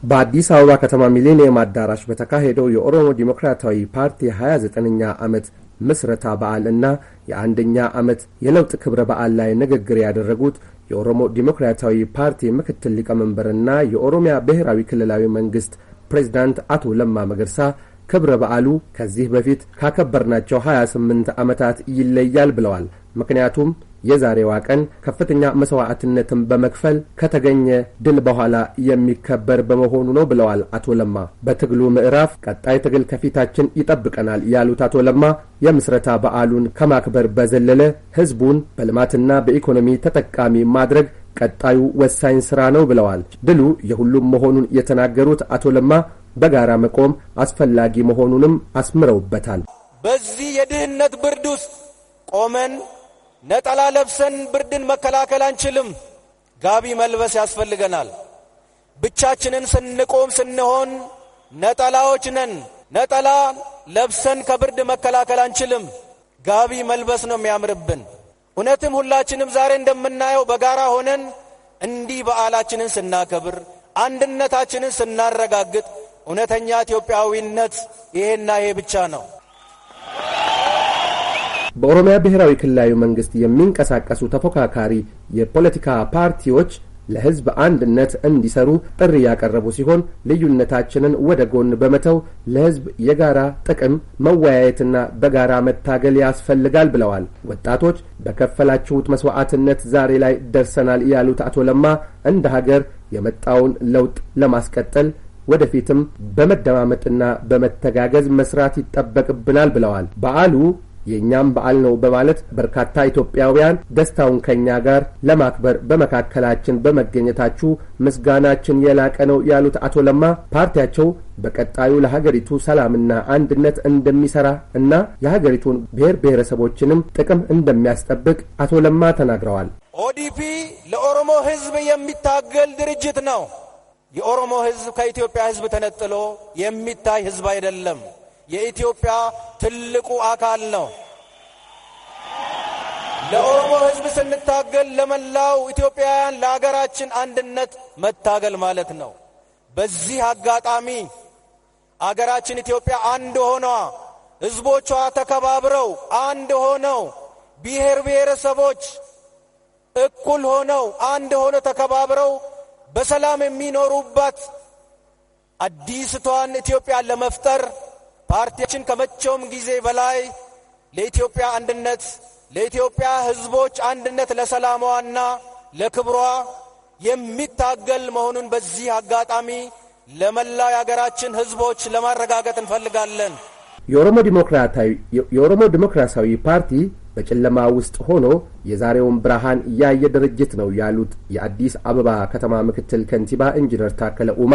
በአዲስ አበባ ከተማ ሚሌኒየም አዳራሽ በተካሄደው የኦሮሞ ዴሞክራታዊ ፓርቲ 29ኛ ዓመት ምስረታ በዓል እና የአንደኛ ዓመት የለውጥ ክብረ በዓል ላይ ንግግር ያደረጉት የኦሮሞ ዲሞክራሲያዊ ፓርቲ ምክትል ሊቀመንበርና የኦሮሚያ ብሔራዊ ክልላዊ መንግስት ፕሬዚዳንት አቶ ለማ መገርሳ ክብረ በዓሉ ከዚህ በፊት ካከበርናቸው 28 ዓመታት ይለያል ብለዋል። ምክንያቱም የዛሬዋ ቀን ከፍተኛ መስዋዕትነትን በመክፈል ከተገኘ ድል በኋላ የሚከበር በመሆኑ ነው ብለዋል አቶ ለማ። በትግሉ ምዕራፍ ቀጣይ ትግል ከፊታችን ይጠብቀናል ያሉት አቶ ለማ የምስረታ በዓሉን ከማክበር በዘለለ ሕዝቡን በልማትና በኢኮኖሚ ተጠቃሚ ማድረግ ቀጣዩ ወሳኝ ስራ ነው ብለዋል። ድሉ የሁሉም መሆኑን የተናገሩት አቶ ለማ በጋራ መቆም አስፈላጊ መሆኑንም አስምረውበታል። በዚህ የድህነት ብርድ ውስጥ ቆመን ነጠላ ለብሰን ብርድን መከላከል አንችልም። ጋቢ መልበስ ያስፈልገናል። ብቻችንን ስንቆም ስንሆን ነጠላዎች ነን። ነጠላ ለብሰን ከብርድ መከላከል አንችልም። ጋቢ መልበስ ነው የሚያምርብን። እውነትም ሁላችንም ዛሬ እንደምናየው በጋራ ሆነን እንዲህ በዓላችንን ስናከብር፣ አንድነታችንን ስናረጋግጥ እውነተኛ ኢትዮጵያዊነት ይሄና ይሄ ብቻ ነው። በኦሮሚያ ብሔራዊ ክልላዊ መንግስት የሚንቀሳቀሱ ተፎካካሪ የፖለቲካ ፓርቲዎች ለሕዝብ አንድነት እንዲሰሩ ጥሪ ያቀረቡ ሲሆን ልዩነታችንን ወደ ጎን በመተው ለሕዝብ የጋራ ጥቅም መወያየትና በጋራ መታገል ያስፈልጋል ብለዋል። ወጣቶች በከፈላችሁት መስዋዕትነት ዛሬ ላይ ደርሰናል ያሉት አቶ ለማ እንደ ሀገር የመጣውን ለውጥ ለማስቀጠል ወደፊትም በመደማመጥና በመተጋገዝ መስራት ይጠበቅብናል ብለዋል። በዓሉ የእኛም በዓል ነው በማለት በርካታ ኢትዮጵያውያን ደስታውን ከእኛ ጋር ለማክበር በመካከላችን በመገኘታችሁ ምስጋናችን የላቀ ነው ያሉት አቶ ለማ ፓርቲያቸው በቀጣዩ ለሀገሪቱ ሰላምና አንድነት እንደሚሰራ እና የሀገሪቱን ብሔር ብሔረሰቦችንም ጥቅም እንደሚያስጠብቅ አቶ ለማ ተናግረዋል። ኦዲፒ ለኦሮሞ ሕዝብ የሚታገል ድርጅት ነው። የኦሮሞ ሕዝብ ከኢትዮጵያ ሕዝብ ተነጥሎ የሚታይ ሕዝብ አይደለም። የኢትዮጵያ ትልቁ አካል ነው። ለኦሮሞ ሕዝብ ስንታገል ለመላው ኢትዮጵያውያን ለአገራችን አንድነት መታገል ማለት ነው። በዚህ አጋጣሚ አገራችን ኢትዮጵያ አንድ ሆኗ ሕዝቦቿ ተከባብረው አንድ ሆነው ብሔር ብሔረሰቦች እኩል ሆነው አንድ ሆነ ተከባብረው በሰላም የሚኖሩባት አዲስቷን ኢትዮጵያ ለመፍጠር ፓርቲያችን ከመቼውም ጊዜ በላይ ለኢትዮጵያ አንድነት፣ ለኢትዮጵያ ሕዝቦች አንድነት፣ ለሰላሟና ለክብሯ የሚታገል መሆኑን በዚህ አጋጣሚ ለመላው የሀገራችን ሕዝቦች ለማረጋገጥ እንፈልጋለን። የኦሮሞ ዲሞክራሲያዊ ፓርቲ በጨለማ ውስጥ ሆኖ የዛሬውን ብርሃን እያየ ድርጅት ነው ያሉት የአዲስ አበባ ከተማ ምክትል ከንቲባ ኢንጂነር ታከለ ኡማ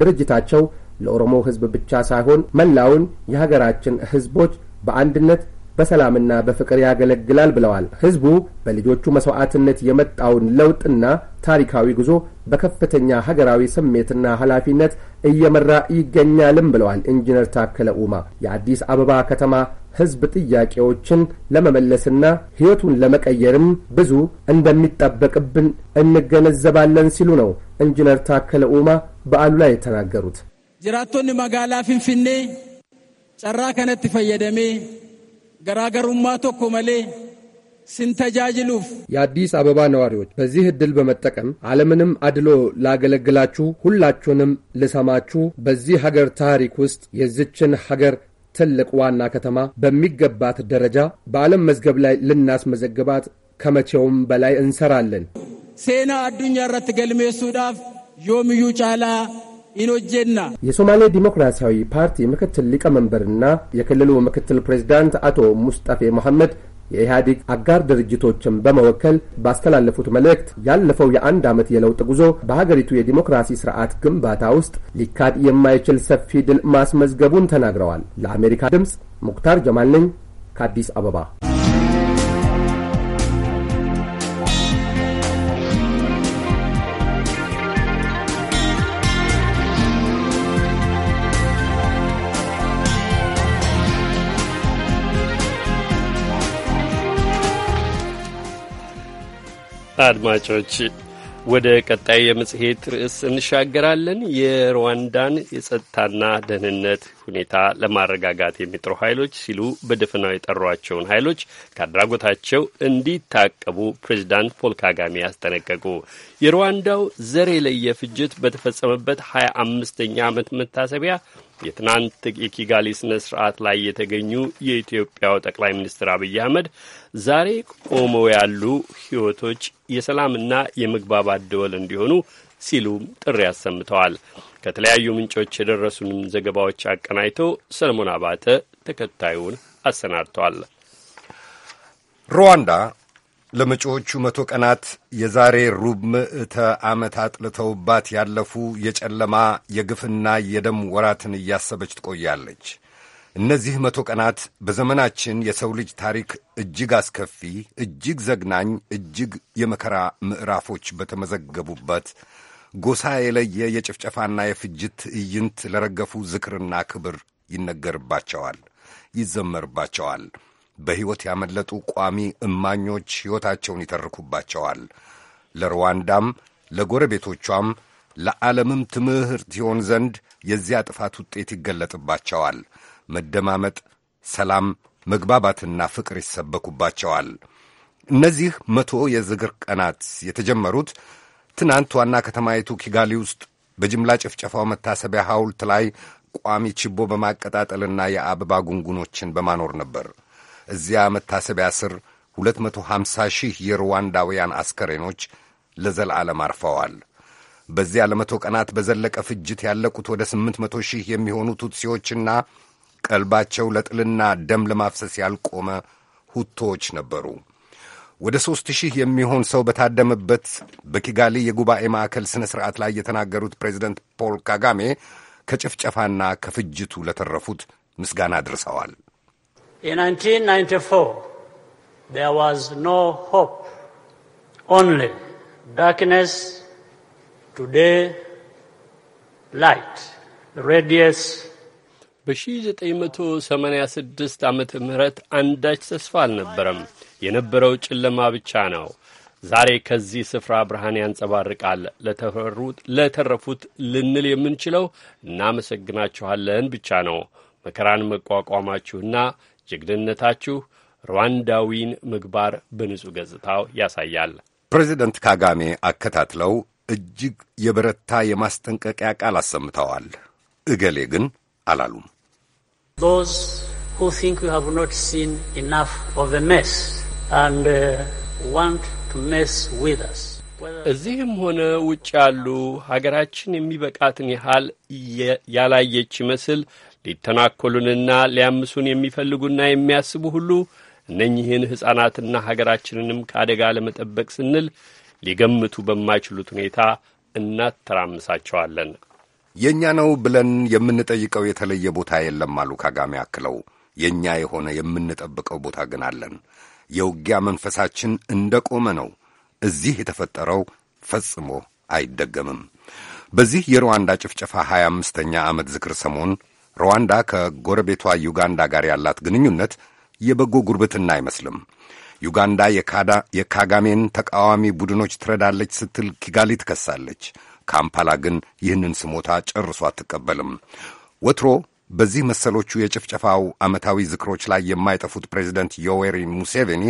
ድርጅታቸው ለኦሮሞ ህዝብ ብቻ ሳይሆን መላውን የሀገራችን ህዝቦች በአንድነት በሰላምና በፍቅር ያገለግላል ብለዋል። ህዝቡ በልጆቹ መስዋዕትነት የመጣውን ለውጥና ታሪካዊ ጉዞ በከፍተኛ ሀገራዊ ስሜትና ኃላፊነት እየመራ ይገኛልም ብለዋል ኢንጂነር ታከለ ኡማ። የአዲስ አበባ ከተማ ሕዝብ ጥያቄዎችን ለመመለስና ሕይወቱን ለመቀየርም ብዙ እንደሚጠበቅብን እንገነዘባለን ሲሉ ነው ኢንጂነር ታከለ ኡማ በዓሉ ላይ የተናገሩት። jiraattonni magaalaa Finfinnee carraa kanatti fayyadamee garaagarummaa tokko malee ስንተጃጅሉፍ የአዲስ አበባ ነዋሪዎች በዚህ ዕድል በመጠቀም ዓለምንም አድሎ ላገለግላችሁ፣ ሁላችሁንም ልሰማችሁ፣ በዚህ ሀገር ታሪክ ውስጥ የዚችን ሀገር ትልቅ ዋና ከተማ በሚገባት ደረጃ በዓለም መዝገብ ላይ ልናስመዘግባት ከመቼውም በላይ እንሰራለን። ሴና አዱኛ ረት ገልሜሱዳፍ ዮምዩ ጫላ ኢኖጄና የሶማሌ ዲሞክራሲያዊ ፓርቲ ምክትል ሊቀመንበርና የክልሉ ምክትል ፕሬዚዳንት አቶ ሙስጠፌ መሐመድ የኢህአዴግ አጋር ድርጅቶችን በመወከል ባስተላለፉት መልእክት ያለፈው የአንድ ዓመት የለውጥ ጉዞ በሀገሪቱ የዲሞክራሲ ስርዓት ግንባታ ውስጥ ሊካድ የማይችል ሰፊ ድል ማስመዝገቡን ተናግረዋል። ለአሜሪካ ድምፅ ሙክታር ጀማል ነኝ ከአዲስ አበባ። አድማጮች ወደ ቀጣዩ የመጽሔት ርዕስ እንሻገራለን። የሩዋንዳን የጸጥታና ደህንነት ሁኔታ ለማረጋጋት የሚጥሩ ኃይሎች ሲሉ በደፈናው የጠሯቸውን ኃይሎች ከአድራጎታቸው እንዲታቀቡ ፕሬዚዳንት ፖል ካጋሜ ያስጠነቀቁ። የሩዋንዳው ዘር የለየ ፍጅት በተፈጸመበት ሀያ አምስተኛ ዓመት መታሰቢያ የትናንት የኪጋሊ ስነ ስርዓት ላይ የተገኙ የኢትዮጵያው ጠቅላይ ሚኒስትር አብይ አህመድ ዛሬ ቆመው ያሉ ህይወቶች የሰላምና የመግባባት ደወል እንዲሆኑ ሲሉም ጥሪ አሰምተዋል። ከተለያዩ ምንጮች የደረሱንም ዘገባዎች አቀናይቶ ሰለሞን አባተ ተከታዩን አሰናድተዋል። ሩዋንዳ ለመጪዎቹ መቶ ቀናት የዛሬ ሩብ ምዕተ ዓመት አጥልተውባት ያለፉ የጨለማ የግፍና የደም ወራትን እያሰበች ትቆያለች። እነዚህ መቶ ቀናት በዘመናችን የሰው ልጅ ታሪክ እጅግ አስከፊ፣ እጅግ ዘግናኝ፣ እጅግ የመከራ ምዕራፎች በተመዘገቡበት ጎሳ የለየ የጭፍጨፋና የፍጅት ትዕይንት ለረገፉ ዝክርና ክብር ይነገርባቸዋል፣ ይዘመርባቸዋል። በሕይወት ያመለጡ ቋሚ እማኞች ሕይወታቸውን ይተርኩባቸዋል። ለሩዋንዳም ለጎረቤቶቿም ለዓለምም ትምህርት ይሆን ዘንድ የዚያ ጥፋት ውጤት ይገለጥባቸዋል። መደማመጥ፣ ሰላም፣ መግባባትና ፍቅር ይሰበኩባቸዋል። እነዚህ መቶ የዝግር ቀናት የተጀመሩት ትናንት ዋና ከተማይቱ ኪጋሊ ውስጥ በጅምላ ጭፍጨፋው መታሰቢያ ሐውልት ላይ ቋሚ ችቦ በማቀጣጠልና የአበባ ጉንጉኖችን በማኖር ነበር። እዚያ መታሰቢያ ስር 250 ሺህ የሩዋንዳውያን አስከሬኖች ለዘላለም አርፈዋል። በዚያ ለመቶ ቀናት በዘለቀ ፍጅት ያለቁት ወደ 800 ሺህ የሚሆኑ ቱትሲዎችና ቀልባቸው ለጥልና ደም ለማፍሰስ ያልቆመ ሁቶዎች ነበሩ። ወደ ሦስት ሺህ የሚሆን ሰው በታደመበት በኪጋሊ የጉባኤ ማዕከል ሥነ ሥርዓት ላይ የተናገሩት ፕሬዚደንት ፖል ካጋሜ ከጭፍጨፋና ከፍጅቱ ለተረፉት ምስጋና አድርሰዋል። In 1994, there was no hope, only darkness, today light, the በ1986 ዓመተ ምህረት አንዳች ተስፋ አልነበረም። የነበረው ጨለማ ብቻ ነው። ዛሬ ከዚህ ስፍራ ብርሃን ያንጸባርቃል። ለተረፉት ልንል የምንችለው እናመሰግናችኋለን ብቻ ነው። መከራን መቋቋማችሁና ጀግንነታችሁ ሩዋንዳዊን ምግባር በንጹሕ ገጽታው ያሳያል። ፕሬዚደንት ካጋሜ አከታትለው እጅግ የበረታ የማስጠንቀቂያ ቃል አሰምተዋል። እገሌ ግን አላሉም። uh, እዚህም ሆነ ውጭ ያሉ ሀገራችን የሚበቃትን ያህል ያላየች ይመስል ሊተናኮሉንና ሊያምሱን የሚፈልጉና የሚያስቡ ሁሉ እነኚህን ሕፃናትና ሀገራችንንም ከአደጋ ለመጠበቅ ስንል ሊገምቱ በማይችሉት ሁኔታ እናተራምሳቸዋለን። የእኛ ነው ብለን የምንጠይቀው የተለየ ቦታ የለም አሉ ካጋሜ አክለው። የእኛ የሆነ የምንጠብቀው ቦታ ግን አለን። የውጊያ መንፈሳችን እንደ ቆመ ነው። እዚህ የተፈጠረው ፈጽሞ አይደገምም። በዚህ የሩዋንዳ ጭፍጨፋ ሀያ አምስተኛ ዓመት ዝክር ሰሞን ሩዋንዳ ከጎረቤቷ ዩጋንዳ ጋር ያላት ግንኙነት የበጎ ጉርብትና አይመስልም። ዩጋንዳ የካጋሜን ተቃዋሚ ቡድኖች ትረዳለች ስትል ኪጋሊ ትከሳለች። ካምፓላ ግን ይህንን ስሞታ ጨርሶ አትቀበልም። ወትሮ በዚህ መሰሎቹ የጭፍጨፋው ዓመታዊ ዝክሮች ላይ የማይጠፉት ፕሬዚደንት ዮዌሪ ሙሴቬኒ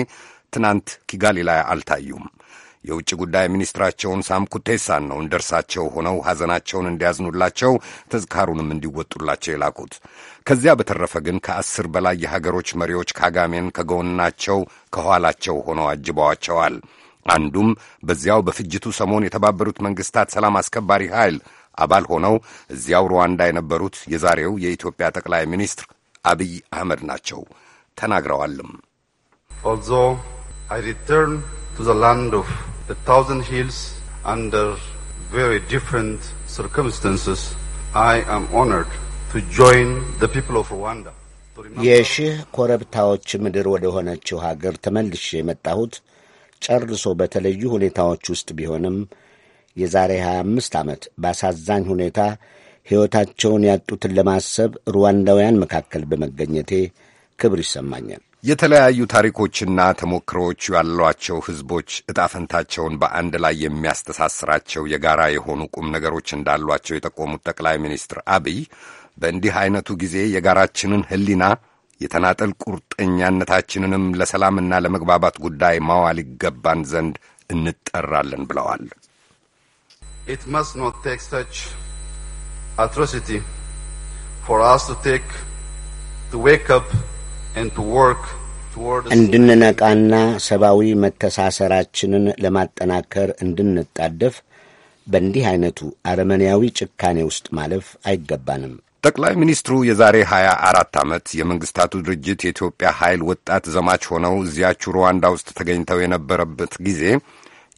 ትናንት ኪጋሊ ላይ አልታዩም። የውጭ ጉዳይ ሚኒስትራቸውን ሳም ኩቴሳን ነው እንደርሳቸው ሆነው ሐዘናቸውን እንዲያዝኑላቸው ተዝካሩንም እንዲወጡላቸው የላኩት። ከዚያ በተረፈ ግን ከአስር በላይ የሀገሮች መሪዎች ካጋሜን ከጎናቸው ከኋላቸው ሆነው አጅበዋቸዋል። አንዱም በዚያው በፍጅቱ ሰሞን የተባበሩት መንግሥታት ሰላም አስከባሪ ኃይል አባል ሆነው እዚያው ሩዋንዳ የነበሩት የዛሬው የኢትዮጵያ ጠቅላይ ሚኒስትር አብይ አህመድ ናቸው። ተናግረዋልም ኦልዞ አይ ቱ ዘ ላንድ ኦፍ the Thousand Hills under very different circumstances, I am honored to join the people of Rwanda. የሺህ ኮረብታዎች ምድር ወደ ሆነችው ሀገር ተመልሼ የመጣሁት ጨርሶ በተለዩ ሁኔታዎች ውስጥ ቢሆንም የዛሬ 25 ዓመት በአሳዛኝ ሁኔታ ሕይወታቸውን ያጡትን ለማሰብ ሩዋንዳውያን መካከል በመገኘቴ ክብር ይሰማኛል። የተለያዩ ታሪኮችና ተሞክሮዎች ያሏቸው ሕዝቦች እጣፈንታቸውን በአንድ ላይ የሚያስተሳስራቸው የጋራ የሆኑ ቁም ነገሮች እንዳሏቸው የጠቆሙት ጠቅላይ ሚኒስትር አብይ በእንዲህ አይነቱ ጊዜ የጋራችንን ሕሊና የተናጠል ቁርጠኛነታችንንም ለሰላምና ለመግባባት ጉዳይ ማዋል ይገባን ዘንድ እንጠራለን ብለዋል። It must not take such atrocity for us to take to wake up እንድንነቃና ሰብአዊ መተሳሰራችንን ለማጠናከር እንድንጣደፍ በእንዲህ አይነቱ አረመኔያዊ ጭካኔ ውስጥ ማለፍ አይገባንም። ጠቅላይ ሚኒስትሩ የዛሬ አራት ዓመት የመንግሥታቱ ድርጅት የኢትዮጵያ ኃይል ወጣት ዘማች ሆነው እዚያች ሩዋንዳ ውስጥ ተገኝተው የነበረበት ጊዜ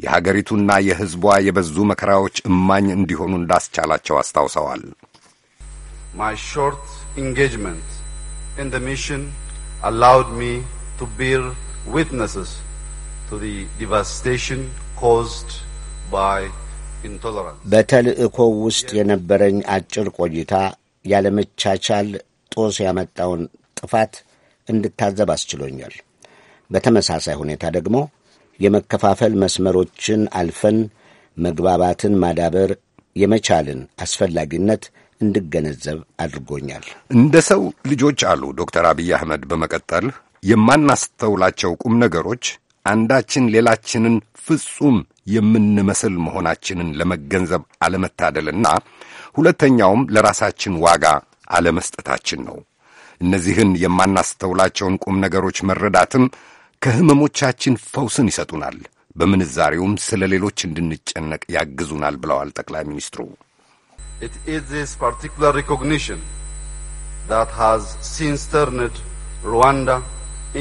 የሀገሪቱና የሕዝቧ የበዙ መከራዎች እማኝ እንዲሆኑ እንዳስቻላቸው አስታውሰዋል። ማይ ሾርት ኢንጌጅመንት ኢን ሚሽን allowed me to bear witnesses to the devastation caused by intolerance. በተልእኮው ውስጥ የነበረኝ አጭር ቆይታ ያለመቻቻል ጦስ ያመጣውን ጥፋት እንድታዘብ አስችሎኛል። በተመሳሳይ ሁኔታ ደግሞ የመከፋፈል መስመሮችን አልፈን መግባባትን ማዳበር የመቻልን አስፈላጊነት እንድገነዘብ አድርጎኛል። እንደ ሰው ልጆች አሉ ዶክተር አብይ አህመድ በመቀጠል የማናስተውላቸው ቁም ነገሮች አንዳችን ሌላችንን ፍጹም የምንመስል መሆናችንን ለመገንዘብ አለመታደልና ሁለተኛውም ለራሳችን ዋጋ አለመስጠታችን ነው። እነዚህን የማናስተውላቸውን ቁም ነገሮች መረዳትም ከህመሞቻችን ፈውስን ይሰጡናል፣ በምንዛሬውም ስለ ሌሎች እንድንጨነቅ ያግዙናል ብለዋል ጠቅላይ ሚኒስትሩ። It is this particular recognition that has since turned Rwanda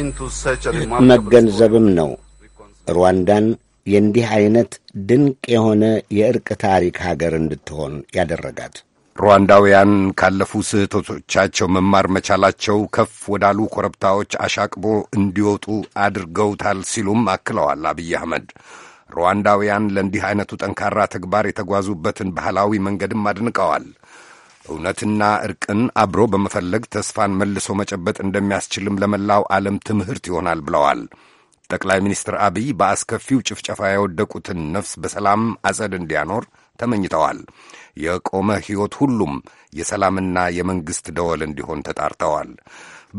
into such a remarkable መገንዘብም ነው ሩዋንዳን የእንዲህ አይነት ድንቅ የሆነ የእርቅ ታሪክ ሀገር እንድትሆን ያደረጋት። ሩዋንዳውያን ካለፉ ስህተቶቻቸው መማር መቻላቸው ከፍ ወዳሉ ኮረብታዎች አሻቅቦ እንዲወጡ አድርገውታል ሲሉም አክለዋል አብይ አህመድ። ሩዋንዳውያን ለእንዲህ ዐይነቱ ጠንካራ ተግባር የተጓዙበትን ባህላዊ መንገድም አድንቀዋል። እውነትና እርቅን አብሮ በመፈለግ ተስፋን መልሶ መጨበጥ እንደሚያስችልም ለመላው ዓለም ትምህርት ይሆናል ብለዋል። ጠቅላይ ሚኒስትር አብይ በአስከፊው ጭፍጨፋ የወደቁትን ነፍስ በሰላም አጸድ እንዲያኖር ተመኝተዋል። የቆመ ሕይወት ሁሉም የሰላምና የመንግሥት ደወል እንዲሆን ተጣርተዋል።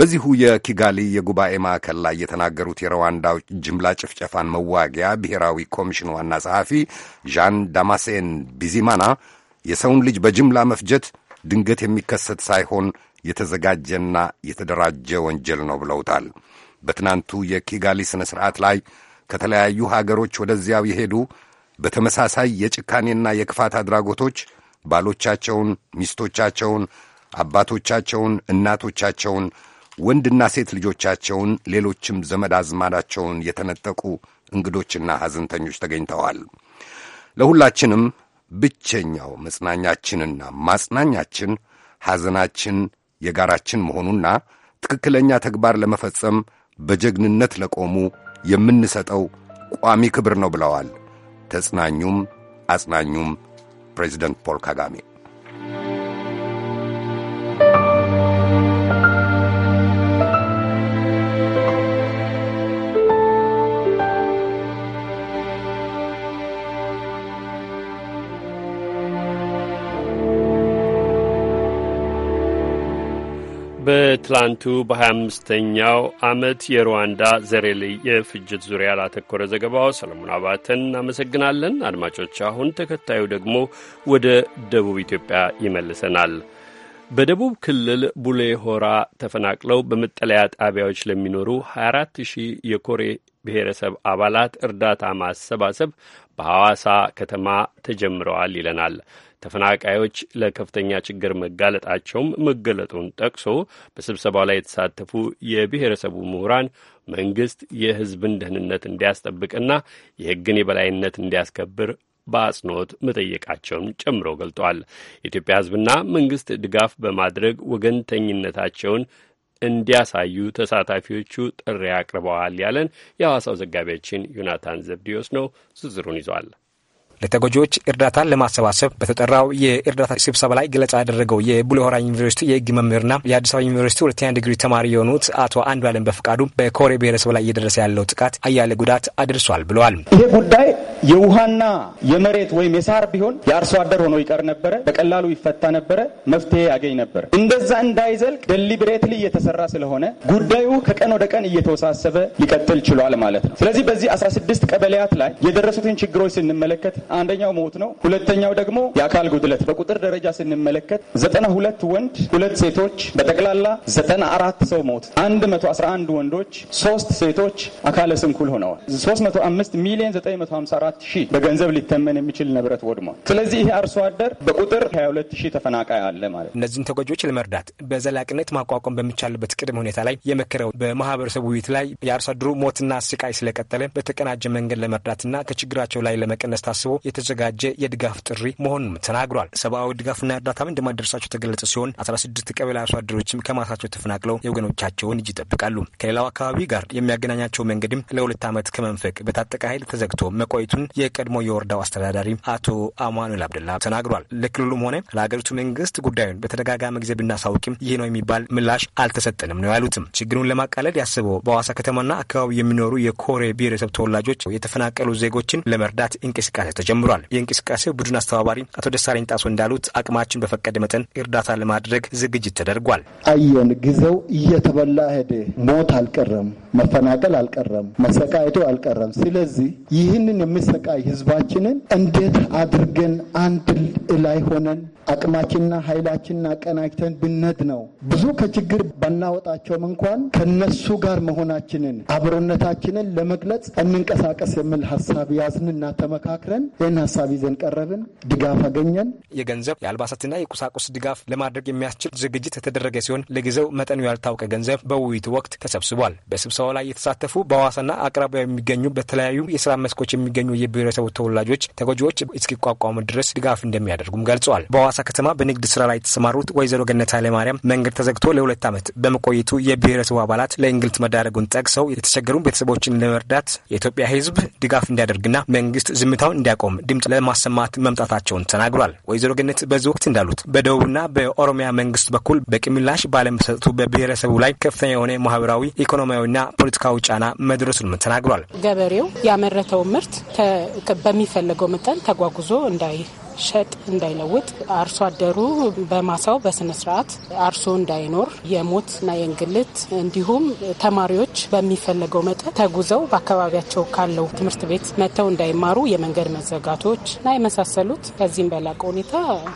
በዚሁ የኪጋሊ የጉባኤ ማዕከል ላይ የተናገሩት የሩዋንዳ ጅምላ ጭፍጨፋን መዋጊያ ብሔራዊ ኮሚሽን ዋና ጸሐፊ ዣን ዳማሴን ቢዚማና የሰውን ልጅ በጅምላ መፍጀት ድንገት የሚከሰት ሳይሆን የተዘጋጀና የተደራጀ ወንጀል ነው ብለውታል። በትናንቱ የኪጋሊ ሥነ ሥርዓት ላይ ከተለያዩ ሀገሮች ወደዚያው የሄዱ በተመሳሳይ የጭካኔና የክፋት አድራጎቶች ባሎቻቸውን፣ ሚስቶቻቸውን፣ አባቶቻቸውን፣ እናቶቻቸውን ወንድና ሴት ልጆቻቸውን ሌሎችም ዘመድ አዝማዳቸውን የተነጠቁ እንግዶችና ሐዘንተኞች ተገኝተዋል። ለሁላችንም ብቸኛው መጽናኛችንና ማጽናኛችን ሐዘናችን የጋራችን መሆኑና ትክክለኛ ተግባር ለመፈጸም በጀግንነት ለቆሙ የምንሰጠው ቋሚ ክብር ነው ብለዋል ተጽናኙም አጽናኙም ፕሬዚደንት ፖል ካጋሜ። በትላንቱ በ25ኛው ዓመት የሩዋንዳ ዘር የፍጅት ዙሪያ ላተኮረ ዘገባው ሰለሞን አባተን እናመሰግናለን። አድማጮች፣ አሁን ተከታዩ ደግሞ ወደ ደቡብ ኢትዮጵያ ይመልሰናል። በደቡብ ክልል ቡሌ ሆራ ተፈናቅለው በመጠለያ ጣቢያዎች ለሚኖሩ 24,000 የኮሬ ብሔረሰብ አባላት እርዳታ ማሰባሰብ በሐዋሳ ከተማ ተጀምረዋል ይለናል ተፈናቃዮች ለከፍተኛ ችግር መጋለጣቸውም መገለጡን ጠቅሶ በስብሰባው ላይ የተሳተፉ የብሔረሰቡ ምሁራን መንግስት የሕዝብን ደህንነት እንዲያስጠብቅና የሕግን የበላይነት እንዲያስከብር በአጽንኦት መጠየቃቸውን ጨምሮ ገልጧል። የኢትዮጵያ ሕዝብና መንግስት ድጋፍ በማድረግ ወገንተኝነታቸውን እንዲያሳዩ ተሳታፊዎቹ ጥሪ አቅርበዋል ያለን የሐዋሳው ዘጋቢያችን ዮናታን ዘብዲዮስ ነው። ዝርዝሩን ይዟል። ለተጎጂዎች እርዳታን ለማሰባሰብ በተጠራው የእርዳታ ስብሰባ ላይ ገለጻ ያደረገው የቡሌሆራ ዩኒቨርሲቲ የህግ መምህርና የአዲስ አበባ ዩኒቨርሲቲ ሁለተኛ ዲግሪ ተማሪ የሆኑት አቶ አንዱ አለም በፍቃዱ በኮሬ ብሔረሰብ ላይ እየደረሰ ያለው ጥቃት አያሌ ጉዳት አድርሷል ብለዋል። ይሄ ጉዳይ የውሃና የመሬት ወይም የሳር ቢሆን የአርሶ አደር ሆኖ ይቀር ነበረ፣ በቀላሉ ይፈታ ነበረ፣ መፍትሄ ያገኝ ነበር። እንደዛ እንዳይዘልቅ ደሊብሬትሊ እየተሰራ ስለሆነ ጉዳዩ ከቀን ወደ ቀን እየተወሳሰበ ሊቀጥል ችሏል ማለት ነው። ስለዚህ በዚህ 16 ቀበሌያት ላይ የደረሱትን ችግሮች ስንመለከት አንደኛው ሞት ነው። ሁለተኛው ደግሞ የአካል ጉድለት። በቁጥር ደረጃ ስንመለከት ዘጠና ሁለት ወንድ ሁለት ሴቶች በጠቅላላ ዘጠና አራት ሰው ሞት፣ አንድ መቶ አስራ አንድ ወንዶች ሶስት ሴቶች አካለ ስንኩል ሆነዋል። ሶስት መቶ አምስት ሚሊዮን ዘጠኝ መቶ ሀምሳ አራት ሺህ በገንዘብ ሊተመን የሚችል ንብረት ወድሟል። ስለዚህ ይሄ አርሶ አደር በቁጥር ሀያ ሁለት ሺህ ተፈናቃይ አለ ማለት እነዚህን ተጎጂዎች ለመርዳት በዘላቂነት ማቋቋም በሚቻልበት ቅድመ ሁኔታ ላይ የመከረው በማህበረሰቡ ውይይት ላይ የአርሶ አደሩ ሞትና ስቃይ ስለቀጠለ በተቀናጀ መንገድ ለመርዳትና ከችግራቸው ላይ ለመቀነስ ታስቦ የተዘጋጀ የድጋፍ ጥሪ መሆኑንም ተናግሯል። ሰብአዊ ድጋፍና እርዳታም እንደማደረሳቸው የተገለጸ ሲሆን 16 ቀበሌ አርሶ አደሮችም ከማሳቸው ተፈናቅለው የወገኖቻቸውን እጅ ይጠብቃሉ። ከሌላው አካባቢ ጋር የሚያገናኛቸው መንገድም ለሁለት ዓመት ከመንፈቅ በታጠቀ ኃይል ተዘግቶ መቆየቱን የቀድሞ የወረዳው አስተዳዳሪ አቶ አማኑኤል አብደላ ተናግሯል። ለክልሉም ሆነ ለሀገሪቱ መንግስት ጉዳዩን በተደጋጋሚ ጊዜ ብናሳውቅም ይህ ነው የሚባል ምላሽ አልተሰጠንም ነው ያሉትም። ችግሩን ለማቃለል ያስበው በሐዋሳ ከተማና አካባቢ የሚኖሩ የኮሬ ብሔረሰብ ተወላጆች የተፈናቀሉ ዜጎችን ለመርዳት እንቅስቃሴ ተጀምሯል። የእንቅስቃሴ ቡድን አስተባባሪ አቶ ደሳለኝ ጣሶ እንዳሉት አቅማችን በፈቀደ መጠን እርዳታ ለማድረግ ዝግጅት ተደርጓል። አየን፣ ጊዜው እየተበላ ሄደ። ሞት አልቀረም፣ መፈናቀል አልቀረም፣ መሰቃየቱ አልቀረም። ስለዚህ ይህንን የሚሰቃይ ህዝባችንን እንዴት አድርገን አንድ ላይ ሆነን አቅማችንና ኃይላችንን አቀናጅተን ብነት ነው ብዙ ከችግር ባናወጣቸውም እንኳን ከነሱ ጋር መሆናችንን አብሮነታችንን ለመግለጽ እንንቀሳቀስ የሚል ሀሳብ ያዝንና ተመካክረን ይህን ሀሳብ ይዘን ቀረብን። ድጋፍ አገኘን። የገንዘብ የአልባሳትና የቁሳቁስ ድጋፍ ለማድረግ የሚያስችል ዝግጅት የተደረገ ሲሆን ለጊዜው መጠኑ ያልታወቀ ገንዘብ በውይይቱ ወቅት ተሰብስቧል። በስብሰባው ላይ የተሳተፉ በሐዋሳና አቅራቢያ የሚገኙ በተለያዩ የስራ መስኮች የሚገኙ የብሔረሰቡ ተወላጆች ተጎጂዎች እስኪቋቋሙ ድረስ ድጋፍ እንደሚያደርጉም ገልጸዋል። በሐዋሳ ከተማ በንግድ ስራ ላይ የተሰማሩት ወይዘሮ ገነት ኃይለማርያም መንገድ ተዘግቶ ለሁለት ዓመት በመቆየቱ የብሔረሰቡ አባላት ለእንግልት መዳረጉን ጠቅሰው የተቸገሩ ቤተሰቦችን ለመርዳት የኢትዮጵያ ሕዝብ ድጋፍ እንዲያደርግና መንግስት ዝምታውን እንዲያቆ ለማቆም ድምፅ ለማሰማት መምጣታቸውን ተናግሯል። ወይዘሮ ገነት በዚህ ወቅት እንዳሉት በደቡብና በኦሮሚያ መንግስት በኩል በቂ ምላሽ ባለመሰጠቱ በብሔረሰቡ ላይ ከፍተኛ የሆነ ማህበራዊ ኢኮኖሚያዊና ፖለቲካዊ ጫና መድረሱንም ተናግሯል። ገበሬው ያመረተው ምርት በሚፈለገው መጠን ተጓጉዞ ሸጥ እንዳይለውጥ አርሶ አደሩ በማሳው በስነስርዓት አርሶ እንዳይኖር የሞትና የእንግልት እንዲሁም ተማሪዎች በሚፈለገው መጠን ተጉዘው በአካባቢያቸው ካለው ትምህርት ቤት መጥተው እንዳይማሩ የመንገድ መዘጋቶች እና የመሳሰሉት ከዚህም በላቀ ሁኔታ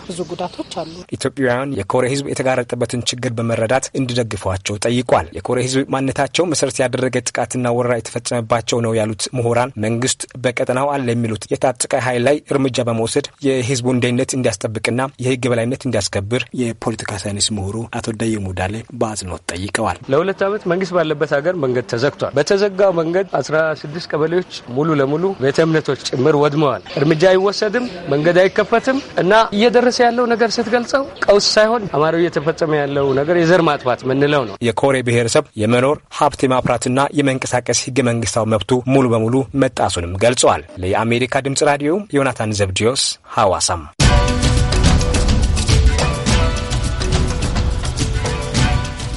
ብዙ ጉዳቶች አሉ። ኢትዮጵያውያን የኮሬ ህዝብ የተጋረጠበትን ችግር በመረዳት እንዲደግፏቸው ጠይቋል። የኮሬ ህዝብ ማንነታቸው መሰረት ያደረገ ጥቃትና ወረራ የተፈጸመባቸው ነው ያሉት ምሁራን መንግስት በቀጠናው አለ የሚሉት የታጠቀ ኃይል ላይ እርምጃ በመውሰድ የህዝቡን ደህንነት እንዲያስጠብቅና የህግ በላይነት እንዲያስከብር የፖለቲካ ሳይንስ ምሁሩ አቶ ደየሙ ሙዳሌ በአጽንኦት ጠይቀዋል። ለሁለት ዓመት መንግስት ባለበት ሀገር መንገድ ተዘግቷል። በተዘጋው መንገድ 16 ቀበሌዎች ሙሉ ለሙሉ ቤተ እምነቶች ጭምር ወድመዋል። እርምጃ አይወሰድም፣ መንገድ አይከፈትም እና እየደረሰ ያለው ነገር ስትገልጸው ቀውስ ሳይሆን አማራው እየተፈጸመ ያለው ነገር የዘር ማጥፋት ምንለው ነው። የኮሬ ብሔረሰብ የመኖር ሀብት የማፍራትና የመንቀሳቀስ ህገ መንግስታዊ መብቱ ሙሉ በሙሉ መጣሱንም ገልጸዋል። ለአሜሪካ ድምጽ ራዲዮ ዮናታን ዘብዲዮስ ሀዋ ሐዋሳም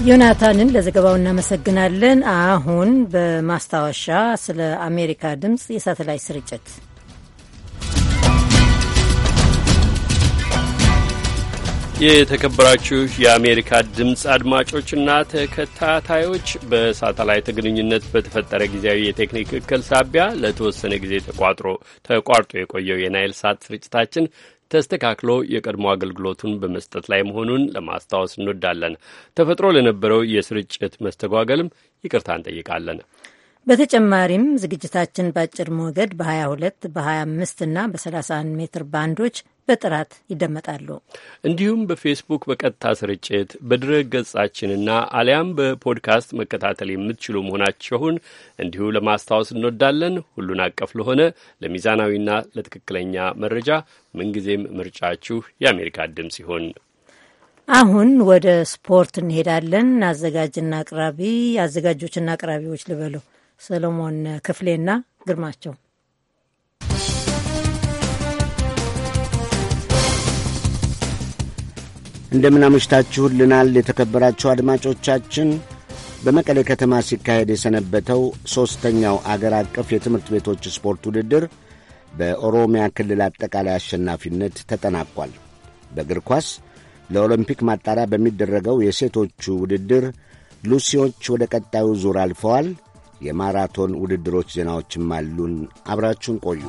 ዮናታንን ለዘገባው እናመሰግናለን። አሁን በማስታወሻ ስለ አሜሪካ ድምፅ የሳተላይት ስርጭት የተከበራችሁ የአሜሪካ ድምፅ አድማጮችና ተከታታዮች በሳተላይት ግንኙነት በተፈጠረ ጊዜያዊ የቴክኒክ እክል ሳቢያ ለተወሰነ ጊዜ ተቋርጦ የቆየው የናይል ሳት ስርጭታችን ተስተካክሎ የቀድሞ አገልግሎቱን በመስጠት ላይ መሆኑን ለማስታወስ እንወዳለን። ተፈጥሮ ለነበረው የስርጭት መስተጓገልም ይቅርታ እንጠይቃለን። በተጨማሪም ዝግጅታችን በአጭር ሞገድ በ22 በ25 እና በ31 ሜትር ባንዶች በጥራት ይደመጣሉ። እንዲሁም በፌስቡክ በቀጥታ ስርጭት በድረ ገጻችንና አሊያም በፖድካስት መከታተል የምትችሉ መሆናቸውን እንዲሁ ለማስታወስ እንወዳለን። ሁሉን አቀፍ ለሆነ ለሚዛናዊና ለትክክለኛ መረጃ ምንጊዜም ምርጫችሁ የአሜሪካ ድምፅ ይሆን። አሁን ወደ ስፖርት እንሄዳለን። አዘጋጅና አቅራቢ አዘጋጆችና አቅራቢዎች ልበሉ ሰለሞን ክፍሌና ግርማቸው እንደምን አመሽታችሁልናል የተከበራችሁ አድማጮቻችን። በመቀሌ ከተማ ሲካሄድ የሰነበተው ሦስተኛው አገር አቀፍ የትምህርት ቤቶች ስፖርት ውድድር በኦሮሚያ ክልል አጠቃላይ አሸናፊነት ተጠናቋል። በእግር ኳስ ለኦሎምፒክ ማጣሪያ በሚደረገው የሴቶቹ ውድድር ሉሲዎች ወደ ቀጣዩ ዙር አልፈዋል። የማራቶን ውድድሮች ዜናዎችም አሉን። አብራችሁን ቆዩ።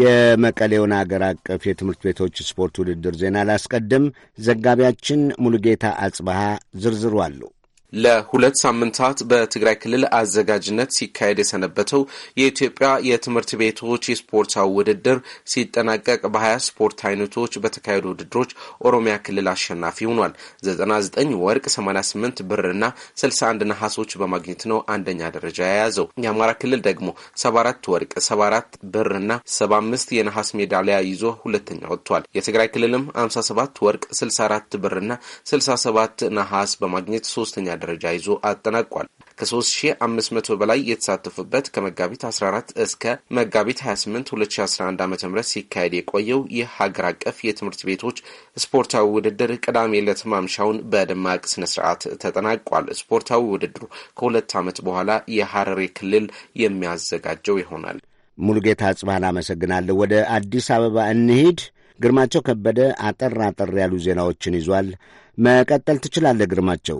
የመቀሌውን አገር አቀፍ የትምህርት ቤቶች ስፖርት ውድድር ዜና ላስቀድም። ዘጋቢያችን ሙሉጌታ አጽበሃ ዝርዝሩ አለው። ለሁለት ሳምንታት በትግራይ ክልል አዘጋጅነት ሲካሄድ የሰነበተው የኢትዮጵያ የትምህርት ቤቶች የስፖርታዊ ውድድር ሲጠናቀቅ በሀያ ስፖርት አይነቶች በተካሄዱ ውድድሮች ኦሮሚያ ክልል አሸናፊ ሆኗል። 99 ወርቅ፣ 88 ብርና 61 ነሐሶች በማግኘት ነው አንደኛ ደረጃ የያዘው። የአማራ ክልል ደግሞ 74 ወርቅ፣ 74 ብርና 75 የነሐስ ሜዳሊያ ይዞ ሁለተኛ ወጥቷል። የትግራይ ክልልም 57 ወርቅ፣ 64 ብርና 67 ነሐስ በማግኘት ሶስተኛ ደረጃ ይዞ አጠናቋል። ከ3500 በላይ የተሳተፉበት ከመጋቢት 14 እስከ መጋቢት 28 2011 ዓ ም ሲካሄድ የቆየው የሀገር አቀፍ የትምህርት ቤቶች ስፖርታዊ ውድድር ቅዳሜ ዕለት ማምሻውን በደማቅ ስነ ስርዓት ተጠናቋል። ስፖርታዊ ውድድሩ ከሁለት ዓመት በኋላ የሐረሬ ክልል የሚያዘጋጀው ይሆናል። ሙሉጌታ ጽባል አመሰግናለሁ። ወደ አዲስ አበባ እንሂድ። ግርማቸው ከበደ አጠር አጠር ያሉ ዜናዎችን ይዟል። መቀጠል ትችላለህ ግርማቸው።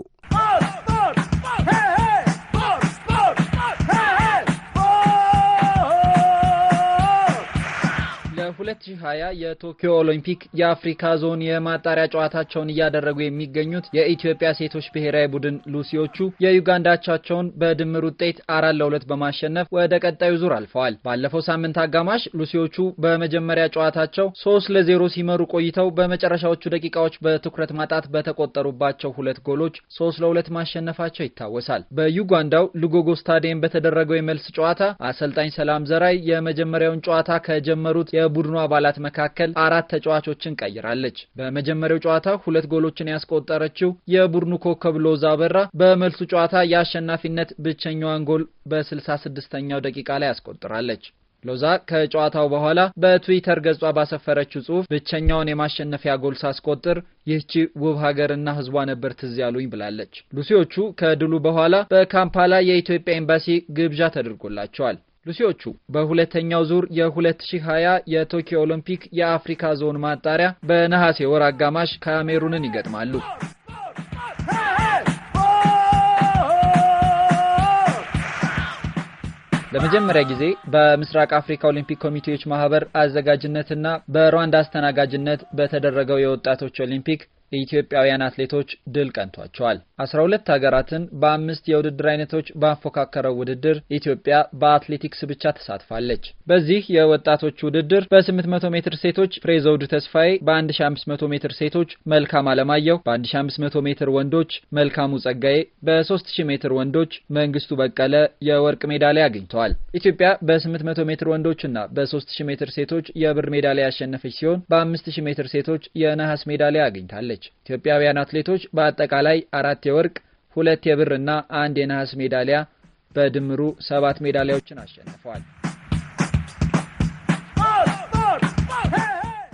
2020 የቶኪዮ ኦሎምፒክ የአፍሪካ ዞን የማጣሪያ ጨዋታቸውን እያደረጉ የሚገኙት የኢትዮጵያ ሴቶች ብሔራዊ ቡድን ሉሲዎቹ የዩጋንዳቻቸውን በድምር ውጤት አራት ለሁለት በማሸነፍ ወደ ቀጣዩ ዙር አልፈዋል። ባለፈው ሳምንት አጋማሽ ሉሲዎቹ በመጀመሪያ ጨዋታቸው ሶስት ለዜሮ ሲመሩ ቆይተው በመጨረሻዎቹ ደቂቃዎች በትኩረት ማጣት በተቆጠሩባቸው ሁለት ጎሎች ሶስት ለሁለት ማሸነፋቸው ይታወሳል። በዩጋንዳው ሉጎጎ ስታዲየም በተደረገው የመልስ ጨዋታ አሰልጣኝ ሰላም ዘራይ የመጀመሪያውን ጨዋታ ከጀመሩት የቡድ ከቡድኑ አባላት መካከል አራት ተጫዋቾችን ቀይራለች። በመጀመሪያው ጨዋታ ሁለት ጎሎችን ያስቆጠረችው የቡድኑ ኮከብ ሎዛ በራ በመልሱ ጨዋታ የአሸናፊነት ብቸኛዋን ጎል በ66ኛው ደቂቃ ላይ ያስቆጥራለች። ሎዛ ከጨዋታው በኋላ በትዊተር ገጿ ባሰፈረችው ጽሑፍ ብቸኛውን የማሸነፊያ ጎል ሳስቆጥር ይህቺ ውብ ሀገርና ሕዝቧ ነበር ትዝ ያሉኝ ብላለች። ሉሲዎቹ ከድሉ በኋላ በካምፓላ የኢትዮጵያ ኤምባሲ ግብዣ ተደርጎላቸዋል። ሉሲዎቹ በሁለተኛው ዙር የ2020 የቶኪዮ ኦሎምፒክ የአፍሪካ ዞን ማጣሪያ በነሐሴ ወር አጋማሽ ካሜሩንን ይገጥማሉ። ለመጀመሪያ ጊዜ በምስራቅ አፍሪካ ኦሊምፒክ ኮሚቴዎች ማህበር አዘጋጅነትና በሩዋንዳ አስተናጋጅነት በተደረገው የወጣቶች ኦሊምፒክ የኢትዮጵያውያን አትሌቶች ድል ቀንቷቸዋል። አስራ ሁለት ሀገራትን በአምስት የውድድር አይነቶች ባፎካከረው ውድድር ኢትዮጵያ በአትሌቲክስ ብቻ ተሳትፋለች። በዚህ የወጣቶች ውድድር በ800 ሜትር ሴቶች ፍሬዘውድ ተስፋዬ፣ በ1500 ሜትር ሴቶች መልካም አለማየሁ፣ በ1500 ሜትር ወንዶች መልካሙ ጸጋዬ፣ በ3000 ሜትር ወንዶች መንግስቱ በቀለ የወርቅ ሜዳሊያ አግኝተዋል። ኢትዮጵያ በ800 ሜትር ወንዶችና በ3000 ሜትር ሴቶች የብር ሜዳሊያ ያሸነፈች ሲሆን በ5000 ሜትር ሴቶች የነሐስ ሜዳሊያ አግኝታለች። አድርጋለች። ኢትዮጵያውያን አትሌቶች በአጠቃላይ አራት የወርቅ፣ ሁለት የብር እና አንድ የነሐስ ሜዳሊያ በድምሩ ሰባት ሜዳሊያዎችን አሸንፈዋል።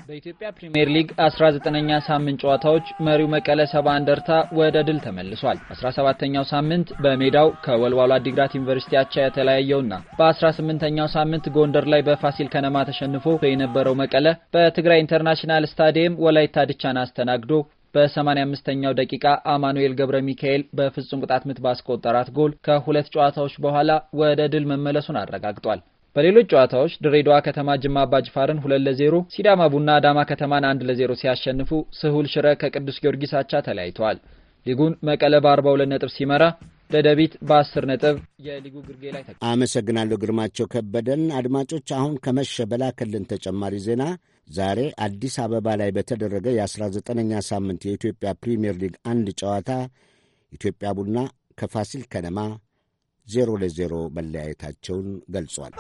በኢትዮጵያ ፕሪምየር ሊግ 19ኛ ሳምንት ጨዋታዎች መሪው መቀለ ሰባ እንደርታ ወደ ድል ተመልሷል። 17ኛው ሳምንት በሜዳው ከወልዋሎ አዲግራት ዩኒቨርሲቲ አቻ የተለያየውና በ18ኛው ሳምንት ጎንደር ላይ በፋሲል ከነማ ተሸንፎ የነበረው መቀለ በትግራይ ኢንተርናሽናል ስታዲየም ወላይታ ድቻን አስተናግዶ በ85ኛው ደቂቃ አማኑኤል ገብረ ሚካኤል በፍጹም ቅጣት ምት ባስቆጠራት ጎል ከሁለት ጨዋታዎች በኋላ ወደ ድል መመለሱን አረጋግጧል። በሌሎች ጨዋታዎች ድሬዳዋ ከተማ ጅማ አባጅፋርን ሁለት ለዜሮ፣ ሲዳማ ቡና አዳማ ከተማን አንድ ለዜሮ ሲያሸንፉ ስሁል ሽረ ከቅዱስ ጊዮርጊስ አቻ ተለያይተዋል። ሊጉን መቀለ በ42 ነጥብ ሲመራ ደደቢት በ10 ነጥብ የሊጉ ግርጌ ላይ ተቀ አመሰግናለሁ። ግርማቸው ከበደን። አድማጮች አሁን ከመሸ በላከልን ተጨማሪ ዜና ዛሬ አዲስ አበባ ላይ በተደረገ የ19ኛ ሳምንት የኢትዮጵያ ፕሪምየር ሊግ አንድ ጨዋታ ኢትዮጵያ ቡና ከፋሲል ከነማ ዜሮ ለዜሮ መለያየታቸውን ገልጿል።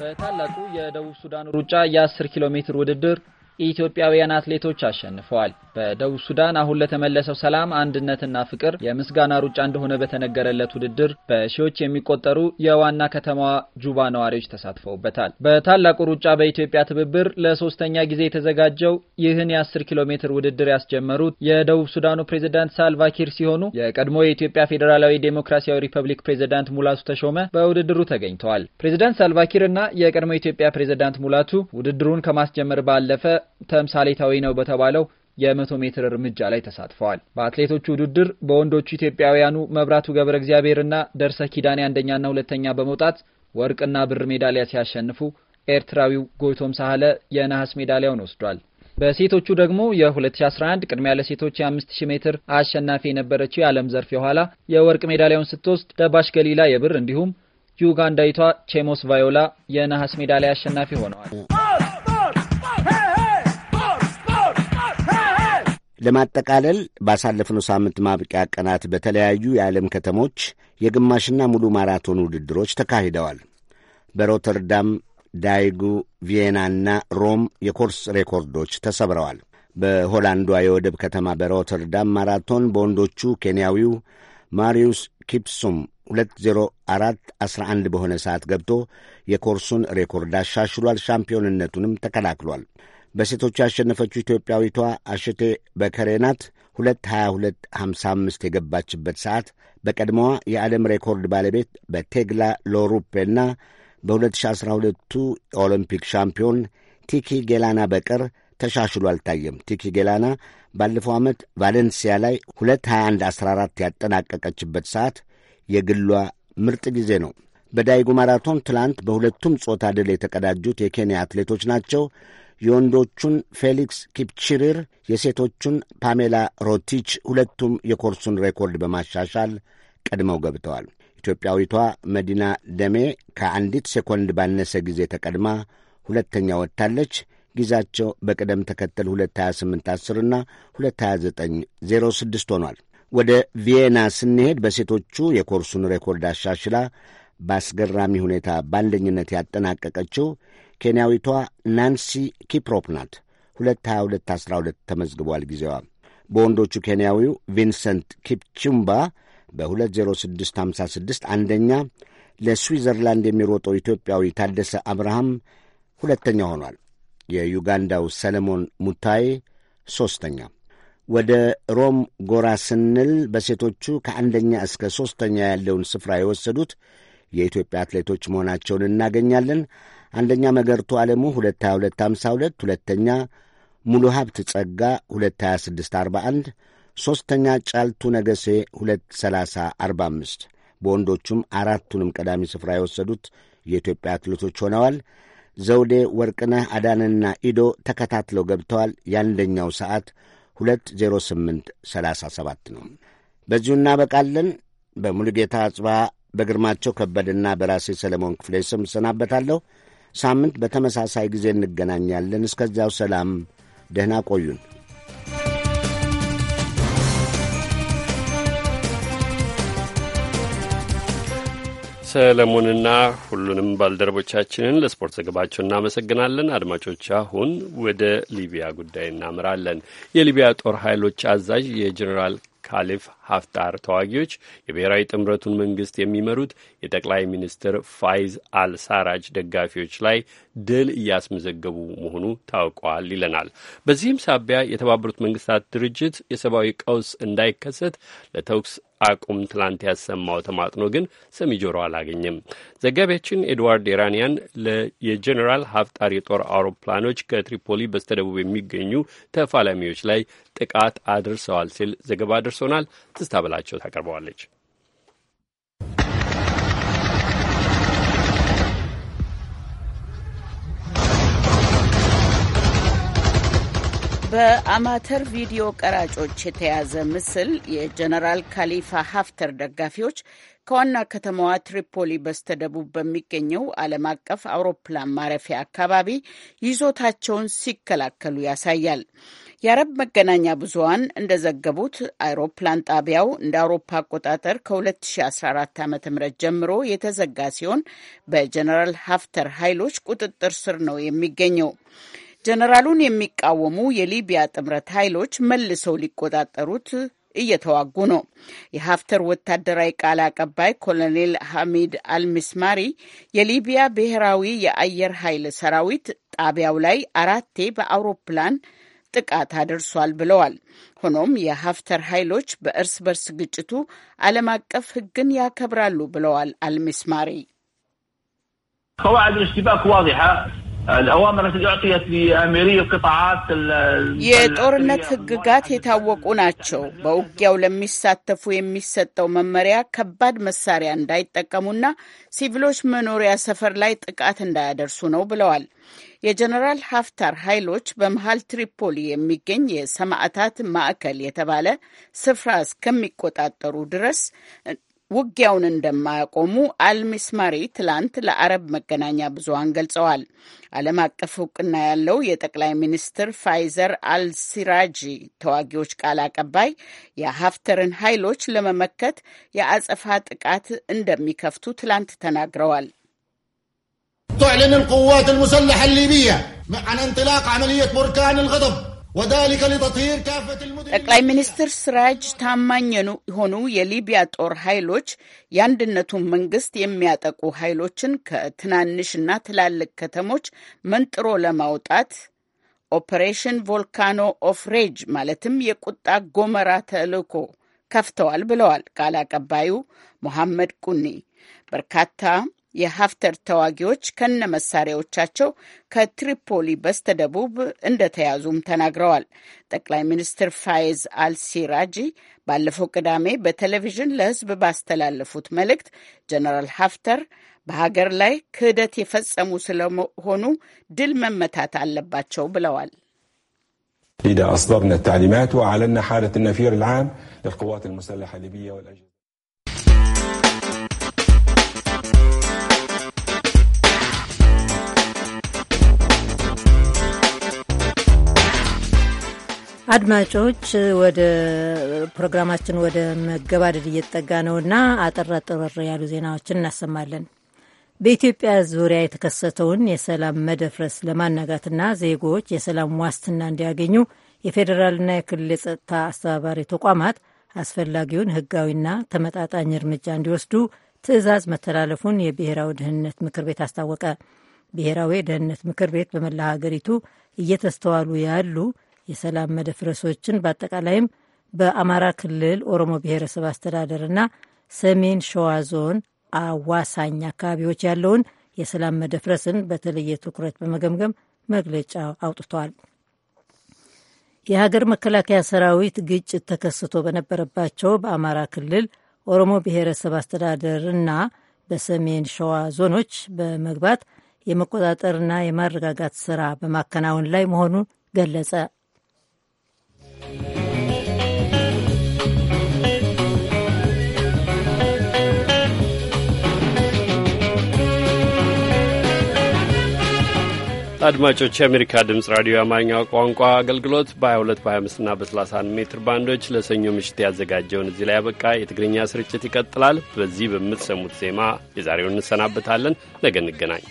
በታላቁ የደቡብ ሱዳን ሩጫ የ10 ኪሎ ሜትር ውድድር የኢትዮጵያውያን አትሌቶች አሸንፈዋል። በደቡብ ሱዳን አሁን ለተመለሰው ሰላም፣ አንድነትና ፍቅር የምስጋና ሩጫ እንደሆነ በተነገረለት ውድድር በሺዎች የሚቆጠሩ የዋና ከተማዋ ጁባ ነዋሪዎች ተሳትፈውበታል። በታላቁ ሩጫ በኢትዮጵያ ትብብር ለሶስተኛ ጊዜ የተዘጋጀው ይህን የ10 ኪሎ ሜትር ውድድር ያስጀመሩት የደቡብ ሱዳኑ ፕሬዝዳንት ሳልቫኪር ሲሆኑ የቀድሞ የኢትዮጵያ ፌዴራላዊ ዴሞክራሲያዊ ሪፐብሊክ ፕሬዝዳንት ሙላቱ ተሾመ በውድድሩ ተገኝተዋል። ፕሬዝዳንት ሳልቫኪር እና የቀድሞ የኢትዮጵያ ፕሬዝዳንት ሙላቱ ውድድሩን ከማስጀመር ባለፈ ተምሳሌታዊ ነው በተባለው የመቶ ሜትር እርምጃ ላይ ተሳትፈዋል። በአትሌቶቹ ውድድር በወንዶቹ ኢትዮጵያውያኑ መብራቱ ገብረ እግዚአብሔርና ደርሰ ኪዳኔ አንደኛና ሁለተኛ በመውጣት ወርቅና ብር ሜዳሊያ ሲያሸንፉ ኤርትራዊው ጎይቶም ሳህለ የነሐስ ሜዳሊያውን ወስዷል። በሴቶቹ ደግሞ የ2011 ቅድሚያ ለሴቶች የ5000 ሜትር አሸናፊ የነበረችው የዓለም ዘርፍ የኋላ የወርቅ ሜዳሊያውን ስትወስድ ደባሽ ገሊላ የብር እንዲሁም ዩጋንዳዊቷ ቼሞስ ቫዮላ የነሐስ ሜዳሊያ አሸናፊ ሆነዋል። ለማጠቃለል ባሳለፍነው ሳምንት ማብቂያ ቀናት በተለያዩ የዓለም ከተሞች የግማሽና ሙሉ ማራቶን ውድድሮች ተካሂደዋል። በሮተርዳም፣ ዳይጉ፣ ቪየናና ሮም የኮርስ ሬኮርዶች ተሰብረዋል። በሆላንዷ የወደብ ከተማ በሮተርዳም ማራቶን በወንዶቹ ኬንያዊው ማሪዩስ ኪፕሱም 20411 በሆነ ሰዓት ገብቶ የኮርሱን ሬኮርድ አሻሽሏል። ሻምፒዮንነቱንም ተከላክሏል። በሴቶች ያሸነፈችው ኢትዮጵያዊቷ አሸቴ በከሬ ናት። 22255 የገባችበት ሰዓት በቀድሞዋ የዓለም ሬኮርድ ባለቤት በቴግላ ሎሩፔና በ2012ቱ ኦሎምፒክ ሻምፒዮን ቲኪ ጌላና በቀር ተሻሽሎ አልታየም። ቲኪ ጌላና ባለፈው ዓመት ቫሌንሲያ ላይ 22114 ያጠናቀቀችበት ሰዓት የግሏ ምርጥ ጊዜ ነው። በዳይጉ ማራቶን ትላንት በሁለቱም ጾታ ድል የተቀዳጁት የኬንያ አትሌቶች ናቸው። የወንዶቹን ፌሊክስ ኪፕችሪር፣ የሴቶቹን ፓሜላ ሮቲች ሁለቱም የኮርሱን ሬኮርድ በማሻሻል ቀድመው ገብተዋል። ኢትዮጵያዊቷ መዲና ደሜ ከአንዲት ሴኮንድ ባነሰ ጊዜ ተቀድማ ሁለተኛ ወጥታለች። ጊዜያቸው በቅደም ተከተል 228 10 እና ሆኗል። ወደ ቪየና ስንሄድ በሴቶቹ የኮርሱን ሬኮርድ አሻሽላ በአስገራሚ ሁኔታ በአንደኝነት ያጠናቀቀችው ኬንያዊቷ ናንሲ ኪፕሮፕ ናት። 22212 ተመዝግቧል ጊዜዋ። በወንዶቹ ኬንያዊው ቪንሰንት ኪፕቹምባ በ20656 አንደኛ፣ ለስዊዘርላንድ የሚሮጠው ኢትዮጵያዊ ታደሰ አብርሃም ሁለተኛ ሆኗል። የዩጋንዳው ሰለሞን ሙታይ ሦስተኛ። ወደ ሮም ጎራ ስንል በሴቶቹ ከአንደኛ እስከ ሦስተኛ ያለውን ስፍራ የወሰዱት የኢትዮጵያ አትሌቶች መሆናቸውን እናገኛለን። አንደኛ መገርቱ ዓለሙ 22252 ሁለተኛ ሙሉ ሀብት ጸጋ 22641 ሦስተኛ ጫልቱ ነገሴ 23045 በወንዶቹም አራቱንም ቀዳሚ ስፍራ የወሰዱት የኢትዮጵያ አትሌቶች ሆነዋል። ዘውዴ ወርቅነህ አዳንና ኢዶ ተከታትለው ገብተዋል። የአንደኛው ሰዓት 20837 ነው። በዚሁ እናበቃለን። በሙሉጌታ አጽባ በግርማቸው ከበድና በራሴ ሰለሞን ክፍሌ ስም እሰናበታለሁ። ሳምንት በተመሳሳይ ጊዜ እንገናኛለን። እስከዚያው ሰላም፣ ደህና ቆዩን። ሰለሞንና ሁሉንም ባልደረቦቻችንን ለስፖርት ዘገባቸው እናመሰግናለን። አድማጮች፣ አሁን ወደ ሊቢያ ጉዳይ እናምራለን። የሊቢያ ጦር ኃይሎች አዛዥ የጀኔራል ካሊፍ ሀፍጣር ተዋጊዎች የብሔራዊ ጥምረቱን መንግስት የሚመሩት የጠቅላይ ሚኒስትር ፋይዝ አልሳራጅ ደጋፊዎች ላይ ድል እያስመዘገቡ መሆኑ ታውቋል ይለናል። በዚህም ሳቢያ የተባበሩት መንግስታት ድርጅት የሰብአዊ ቀውስ እንዳይከሰት ለተኩስ አቁም ትላንት ያሰማው ተማጥኖ ግን ሰሚ ጆሮ አላገኘም። ዘጋቢያችን ኤድዋርድ ኢራንያን የጀኔራል ሀፍጣር የጦር አውሮፕላኖች ከትሪፖሊ በስተደቡብ የሚገኙ ተፋላሚዎች ላይ ጥቃት አድርሰዋል ሲል ዘገባ ደርሶናል። ትስታበላቸው ታቀርበዋለች። በአማተር ቪዲዮ ቀራጮች የተያዘ ምስል የጀነራል ካሊፋ ሀፍተር ደጋፊዎች ከዋና ከተማዋ ትሪፖሊ በስተደቡብ በሚገኘው ዓለም አቀፍ አውሮፕላን ማረፊያ አካባቢ ይዞታቸውን ሲከላከሉ ያሳያል። የአረብ መገናኛ ብዙሃን እንደዘገቡት አውሮፕላን ጣቢያው እንደ አውሮፓ አቆጣጠር ከ2014 ዓ.ም ጀምሮ የተዘጋ ሲሆን በጀነራል ሀፍተር ኃይሎች ቁጥጥር ስር ነው የሚገኘው። ጀነራሉን የሚቃወሙ የሊቢያ ጥምረት ኃይሎች መልሰው ሊቆጣጠሩት እየተዋጉ ነው። የሀፍተር ወታደራዊ ቃል አቀባይ ኮሎኔል ሐሚድ አልሚስማሪ የሊቢያ ብሔራዊ የአየር ኃይል ሰራዊት ጣቢያው ላይ አራቴ በአውሮፕላን ጥቃት አድርሷል ብለዋል። ሆኖም የሀፍተር ኃይሎች በእርስ በርስ ግጭቱ ዓለም አቀፍ ሕግን ያከብራሉ ብለዋል አልሚስማሪ الأوامر التي أعطيت لأميري القطاعات የጦርነት ህግጋት የታወቁ ናቸው። በውጊያው ለሚሳተፉ የሚሰጠው መመሪያ ከባድ መሳሪያ እንዳይጠቀሙና ሲቪሎች መኖሪያ ሰፈር ላይ ጥቃት እንዳያደርሱ ነው ብለዋል። የጀነራል ሀፍታር ኃይሎች በመሀል ትሪፖሊ የሚገኝ የሰማዕታት ማዕከል የተባለ ስፍራ እስከሚቆጣጠሩ ድረስ ውጊያውን እንደማያቆሙ አልሚስማሪ ትላንት ለአረብ መገናኛ ብዙሃን ገልጸዋል። ዓለም አቀፍ እውቅና ያለው የጠቅላይ ሚኒስትር ፋይዘር አልሲራጂ ተዋጊዎች ቃል አቀባይ የሀፍተርን ኃይሎች ለመመከት የአጸፋ ጥቃት እንደሚከፍቱ ትላንት ተናግረዋል። تعلن ልቁዋት ልሙሰላሐ ሊቢያ عن እንጥላቅ عملية ቡርካን الغضب ጠቅላይ ሚኒስትር ስራጅ ታማኝ የሆኑ የሊቢያ ጦር ኃይሎች የአንድነቱን መንግስት የሚያጠቁ ኃይሎችን ከትናንሽና ትላልቅ ከተሞች መንጥሮ ለማውጣት ኦፕሬሽን ቮልካኖ ኦፍ ሬጅ ማለትም የቁጣ ጎመራ ተልዕኮ ከፍተዋል ብለዋል ቃል አቀባዩ ሞሐመድ ቁኒ። በርካታ የሀፍተር ተዋጊዎች ከነ መሳሪያዎቻቸው ከትሪፖሊ በስተደቡብ እንደተያዙም ተናግረዋል። ጠቅላይ ሚኒስትር ፋይዝ አልሲራጂ ባለፈው ቅዳሜ በቴሌቪዥን ለሕዝብ ባስተላለፉት መልእክት ጀነራል ሀፍተር በሀገር ላይ ክህደት የፈጸሙ ስለመሆኑ ድል መመታት አለባቸው ብለዋል። ኢዳ አስደርና ተዕሊማት ወአለና ሓለት ነፊር ልዓም ልልቁዋት ልሙሰላሐ ሊብያ ወልአጅ አድማጮች ወደ ፕሮግራማችን ወደ መገባደድ እየተጠጋ ነውና አጠር አጠር ያሉ ዜናዎችን እናሰማለን። በኢትዮጵያ ዙሪያ የተከሰተውን የሰላም መደፍረስ ለማናጋትና ዜጎች የሰላም ዋስትና እንዲያገኙ የፌዴራልና የክልል የጸጥታ አስተባባሪ ተቋማት አስፈላጊውን ሕጋዊና ተመጣጣኝ እርምጃ እንዲወስዱ ትዕዛዝ መተላለፉን የብሔራዊ ደህንነት ምክር ቤት አስታወቀ። ብሔራዊ ደህንነት ምክር ቤት በመላ ሀገሪቱ እየተስተዋሉ ያሉ የሰላም መደፍረሶችን በአጠቃላይም በአማራ ክልል ኦሮሞ ብሔረሰብ አስተዳደርና ሰሜን ሸዋ ዞን አዋሳኝ አካባቢዎች ያለውን የሰላም መደፍረስን በተለየ ትኩረት በመገምገም መግለጫ አውጥቷል። የሀገር መከላከያ ሰራዊት ግጭት ተከስቶ በነበረባቸው በአማራ ክልል ኦሮሞ ብሔረሰብ አስተዳደርና በሰሜን ሸዋ ዞኖች በመግባት የመቆጣጠርና የማረጋጋት ስራ በማከናወን ላይ መሆኑን ገለጸ። አድማጮች የአሜሪካ ድምፅ ራዲዮ የአማርኛ ቋንቋ አገልግሎት በ22 በ25ና በ31 ሜትር ባንዶች ለሰኞ ምሽት ያዘጋጀውን እዚህ ላይ ያበቃ። የትግርኛ ስርጭት ይቀጥላል። በዚህ በምትሰሙት ዜማ የዛሬውን እንሰናበታለን። ነገ እንገናኝ።